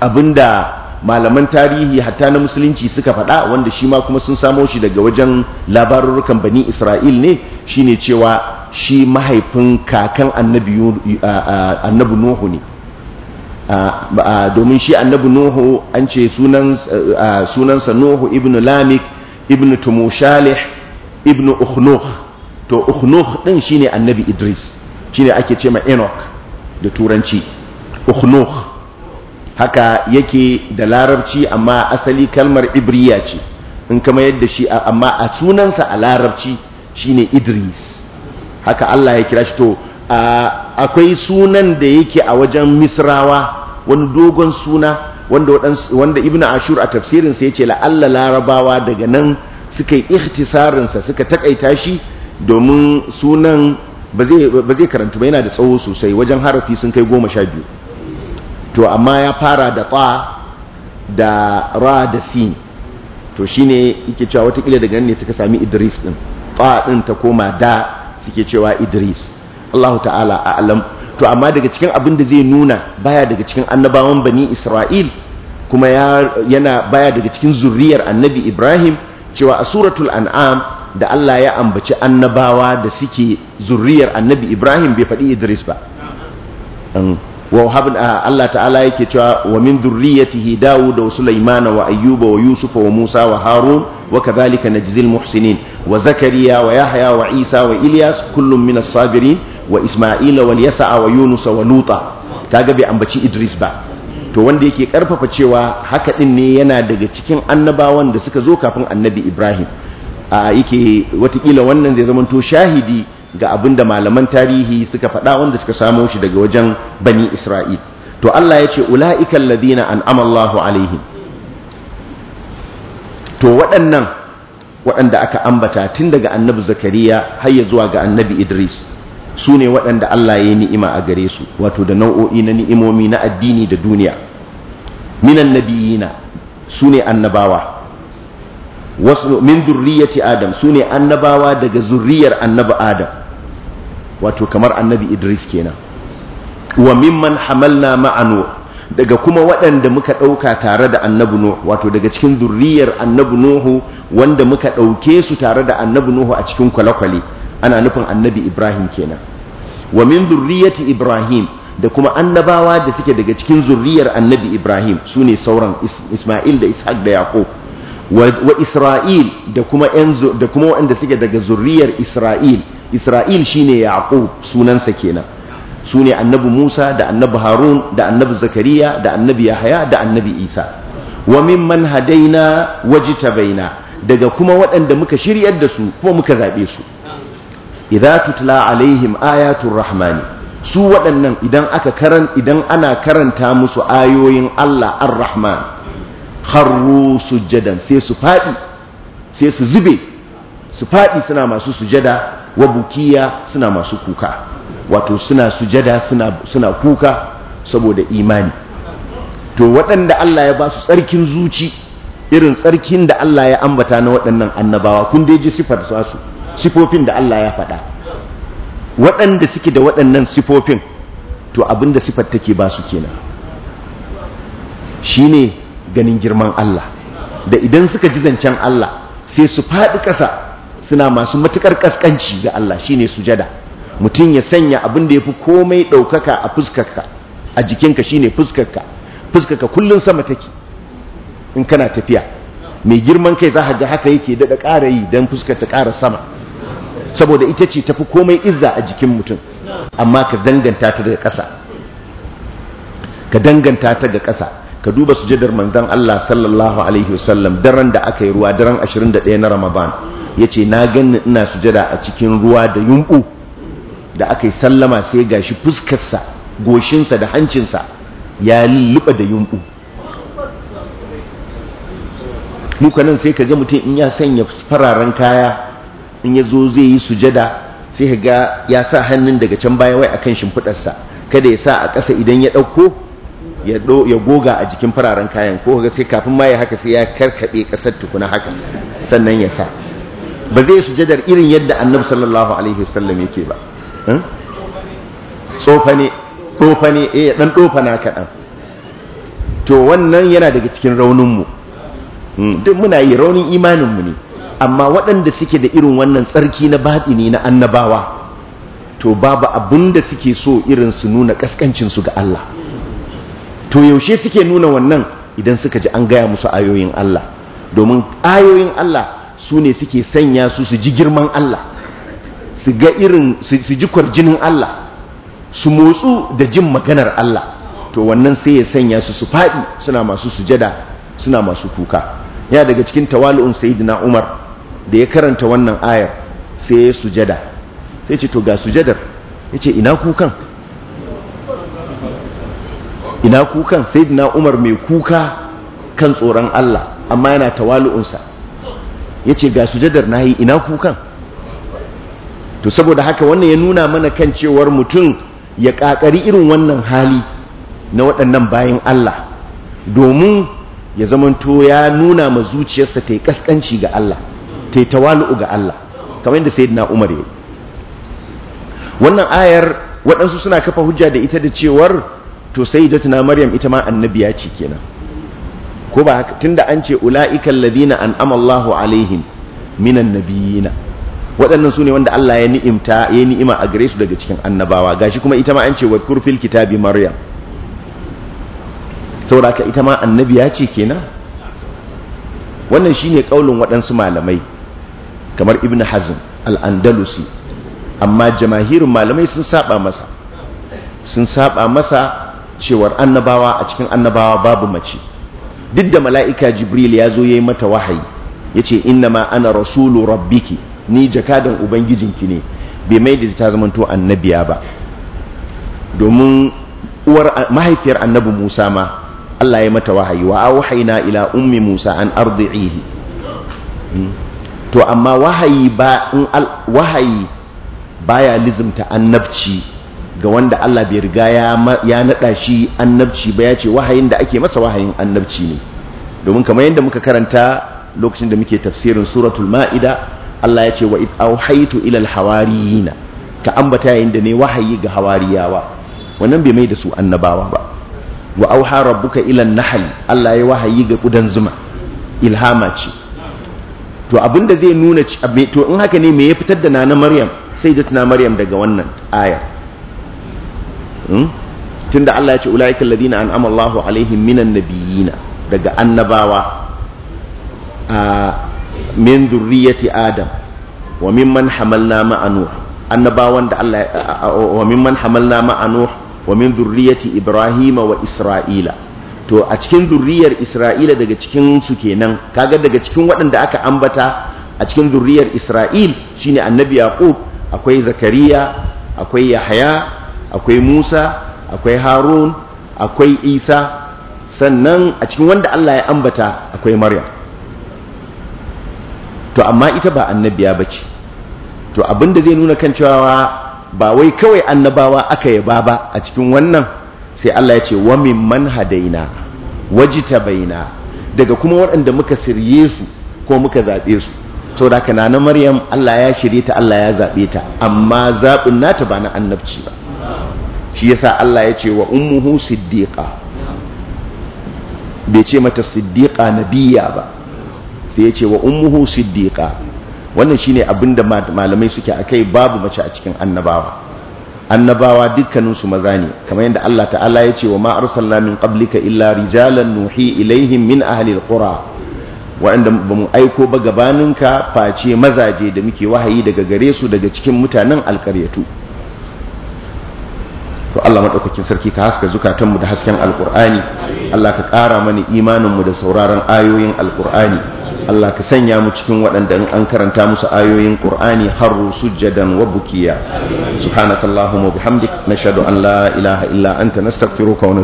abinda malaman tarihi hatta na musulunci suka faɗa wanda shi ma kuma sun samo shi daga wajen labarurrukan bani isra'il ne shine cewa shi mahaifin kakan annabi nuhu ne domin shi annabi nuhu an ce sunansa nuhu ibn lamik ibn tumushalih ibn ukhnukh to ukhnukh din shine annabi idris shine ake ce ma enoch da turanci ukhnukh haka yake da larabci amma asali kalmar ibriya ce in kama yadda shi amma a sunansa a larabci shine idris haka allah ya kira shi to akwai sunan da yake a wajen misrawa wani dogon suna wanda ibn ashur a tafsirinsa ya ce la'alla larabawa daga nan suka yi ihtisarinsa suka takaita shi domin sunan ba zai karanta ba yana da tsawo sosai wajen harafi sun kai goma sha biyu to amma ya fara da kwa da ra da sin to shi ne yake cewa watakila daga nan ne suka sami idris din kwa din ta koma da suke cewa idris allahu ta'ala a alam to amma daga cikin abin da zai nuna baya daga cikin annabawan bani isra'il kuma yana baya daga cikin zuriyar annabi ibrahim cewa a suratul an'am da allah ya ambaci annabawa da suke zuriyar annabi ibrahim bai faɗi idris ba allah ta'ala yake cewa wa min zuriyatihi dawu da wasu wa ayyuba wa yusufa wa musa wa harun wa kazalika najzil muhsinin wa zakariya wa yahya wa isa wa ilyas kullum min as-sabirin wa isma'ila wal yasa'a wa yunus wa luta kaga bai ambaci idris ba to wanda yake karfafa cewa haka din ne yana daga cikin annabawan da suka zo kafin annabi ibrahim a yake watakila wannan zai zama to shahidi ga abin da malaman tarihi suka faɗa wanda suka samo shi daga wajen bani isra'il to allah ya ce ula'ikan ladina an'ama amallahu alaihim to waɗannan waɗanda aka ambata tun daga annabi zakariya har zuwa ga annabi idris su ne waɗanda Allah ya yi ni'ima a gare su wato da nau'o'i na ni'imomi na addini da duniya minan nabiyina su ne annabawa wasu min zurriyati adam su ne annabawa daga zurriyar annabi adam wato kamar annabi idris kenan wa mimman hamalna ma'anu daga kuma waɗanda muka ɗauka tare da annabi nuhu wato daga cikin zurriyar annabi nuhu wanda muka ɗauke su tare da annabi nuhu a cikin kwale-kwale ana nufin annabi ibrahim kenan wa min zurriyati ibrahim da kuma annabawa da suke daga cikin zurriyar annabi ibrahim su ne sauran isma'il da ishaq da yaqub wa isra'il da kuma da kuma wanda suke daga zurriyar isra'il isra'il shine yaqub sunansa kenan su ne annabi musa da annabi harun da annabi zakariya da annabi yahaya da annabi isa wa mimman hadaina wajtabaina daga kuma waɗanda muka shiryar da su kuma muka zaɓe su idza tutla alaihim ayatul rahmani su waɗannan idan aka karan idan ana karanta musu ayoyin Allah ar-rahman kharru sujadan sai su fadi sai su zube su fadi suna masu sujada wa bukiya suna masu kuka wato suna sujada suna suna kuka saboda imani to waɗanda Allah ya ba su tsarkin zuci irin tsarkin da Allah ya ambata na waɗannan annabawa kun da ji sifar su sifofin da Allah ya faɗa waɗanda suke da waɗannan sifofin to abinda sifar take ba su kenan shine ganin girman Allah da idan suka ji zancen Allah sai su faɗi ƙasa suna masu matuƙar ƙasƙanci ga Allah shine sujada mutum ya sanya abin da ya fi komai ɗaukaka a fuskarka a jikinka shine fuskarka fuskarka kullum sama take in kana tafiya mai girman kai za ga haka yake daɗa ƙara yi don fuskar ta ƙara sama saboda ita ce tafi komai izza a jikin mutum amma ka danganta ta daga ƙasa ka danganta ta ga ƙasa ka duba sujadar manzon Allah sallallahu alaihi wasallam daren da aka yi ruwa daren 21 na Ramadan yace na ni ina sujada a cikin ruwa da yunƙu da aka yi sallama sai gashi fuskarsa goshinsa da hancinsa ya lulluɓa da yumbu muka nan sai ka ga mutum in ya sanya fararen kaya in ya zo zai yi sujada sai ga ya sa hannun daga can baya wai akan shimfiɗarsa kada ya sa a ƙasa idan ya ɗauko ya goga a jikin fararen kayan ko ga sai kafin ma ya haka sai ya karkaɓe ƙasar tukuna haka sannan ya sa ba zai sujadar irin yadda annabi sallallahu alaihi wasallam yake ba hmm? tsofa ne tsofa ne eh dan tsofa na kaɗan to wannan yana daga cikin rauninmu hmm, duk muna yi raunin imaninmu ne amma waɗanda suke da irin wannan tsarki na baɗi ne na annabawa to babu abin da suke so irin su nuna ƙasƙancinsu ga Allah to yaushe suke nuna wannan idan suka ji an gaya musu ayoyin Allah domin ayoyin Allah su ne suke sanya su su ji girman Allah su ga irin su ji kwarjinin Allah su motsu da jin maganar Allah to wannan sai ya sanya su su faɗi suna masu sujada suna masu kuka ya daga cikin tawali'un sayyidina Umar da ya karanta wannan ayar sai ya sujada sai ce to ga sujadar ya ce ina kukan ina kukan sai dina umar mai kuka kan tsoron Allah amma yana tawalu'unsa ya ce ga sujadar na yi ina kukan to saboda haka wannan ya nuna mana kan cewar mutum ya kakari irin wannan hali na waɗannan bayan Allah domin ya zamanto ya nuna ma zuciyarsa ta yi ƙasƙanci ga Allah ta tawalu ga Allah kamar yadda sayyidina Umar yayi wannan ayar waɗansu suna kafa hujja da ita da cewar to sayyidatuna Maryam ita ma annabiya ce kenan ko ba haka tunda an ce ulaiikal ladina an'ama Allahu alaihim minan nabiyina waɗannan su ne wanda Allah ya ni'imta ya ni'ima a gare su daga cikin annabawa gashi kuma ita ma an ce wa kurfil kitabi maryam saboda ita ma annabiya ce kenan wannan shine kaulin waɗansu malamai kamar ibn hazm al-andalusi amma jamahirin malamai sun saba masa sun saba masa cewar annabawa a cikin annabawa babu mace duk da mala'ika jibril ya zo ya yi mata wahayi ya ce inna ma ana rasulu rabbiki ni jakadan ubangijinki ne bai mai da ta zamanto annabiya ba domin mahaifiyar annabi musa ma allah ya mata wahayi wa a wahayi na ila ummi musa an arzi'ihi hmm. to amma wahayi ba in wahayi baya lizumta annabci ga wanda Allah bai riga ya nada shi annabci ba ya ce wahayin da ake masa wahayin annabci ne domin kamar yadda muka karanta lokacin da muke tafsirin suratul ma'ida Allah ya ce wa id auhaytu ila alhawariyina ka ambata yayin ne wahayi ga hawariyawa wannan bai mai da su annabawa ba wa auha rabbuka ila an-nahl Allah ya wahayi ga kudan zuma ilhama ce to abinda zai nuna to in haka ne me ya fitar da nana maryam sai da tana maryam daga wannan ayar hmm? tunda Allah ya ce ulaika alladhina an'ama Allahu alaihim minan nabiyina daga annabawa a min zurriyyati adam wa mimman hamalna ma'a nuh annabawan da Allah wa mimman hamalna ma'a nuh wa min zurriyyati ibrahima wa isra'ila to a cikin zurriyar Isra'ila daga cikin su kenan kaga daga cikin waɗanda aka ambata a cikin zurriyar Isra'il shine annabi Yaqub akwai Zakariya akwai Yahya akwai Musa akwai Harun akwai Isa sannan a cikin wanda Allah ya ambata akwai Maryam to amma ita ba annabiya ba ce, to abinda zai nuna kan cewa ba wai kawai annabawa aka yaba ba a cikin wannan sai Allah ya ce wa man hadaina baina daga kuma waɗanda muka sirye su ko muka zaɓe su da haka na Maryam Allah ya shirye ta Allah ya zaɓe ta amma zaɓin nata ba na annabci ba shi yasa Allah ya ce wa ummuhu siddiqa bai ce mata siddiqa nabiyya ba sai ya ce wa ummuhu siddiqa wannan shine abinda malamai suke akai babu mace a cikin annabawa annabawa dukkaninsu maza ne kamar yadda Allah ta'ala ya ce wa ma arsalna min qablika illa rijalan nuhi ilaihim min ahli alqura inda bamu aiko ba gabaninka face mazaje da muke wahayi daga gare su daga cikin mutanen alkaryatu to Allah madaukakin sarki ka haska zukatanmu da hasken alkur'ani Allah ka ƙara mana imaninmu da sauraron ayoyin alkur'ani Allah ka sanya mu cikin waɗanda in an karanta musu ayoyin qur'ani harru sujjadan wa bukiya subhanakallahumma na nashhadu an la ilaha illa anta nastaghfiruka wa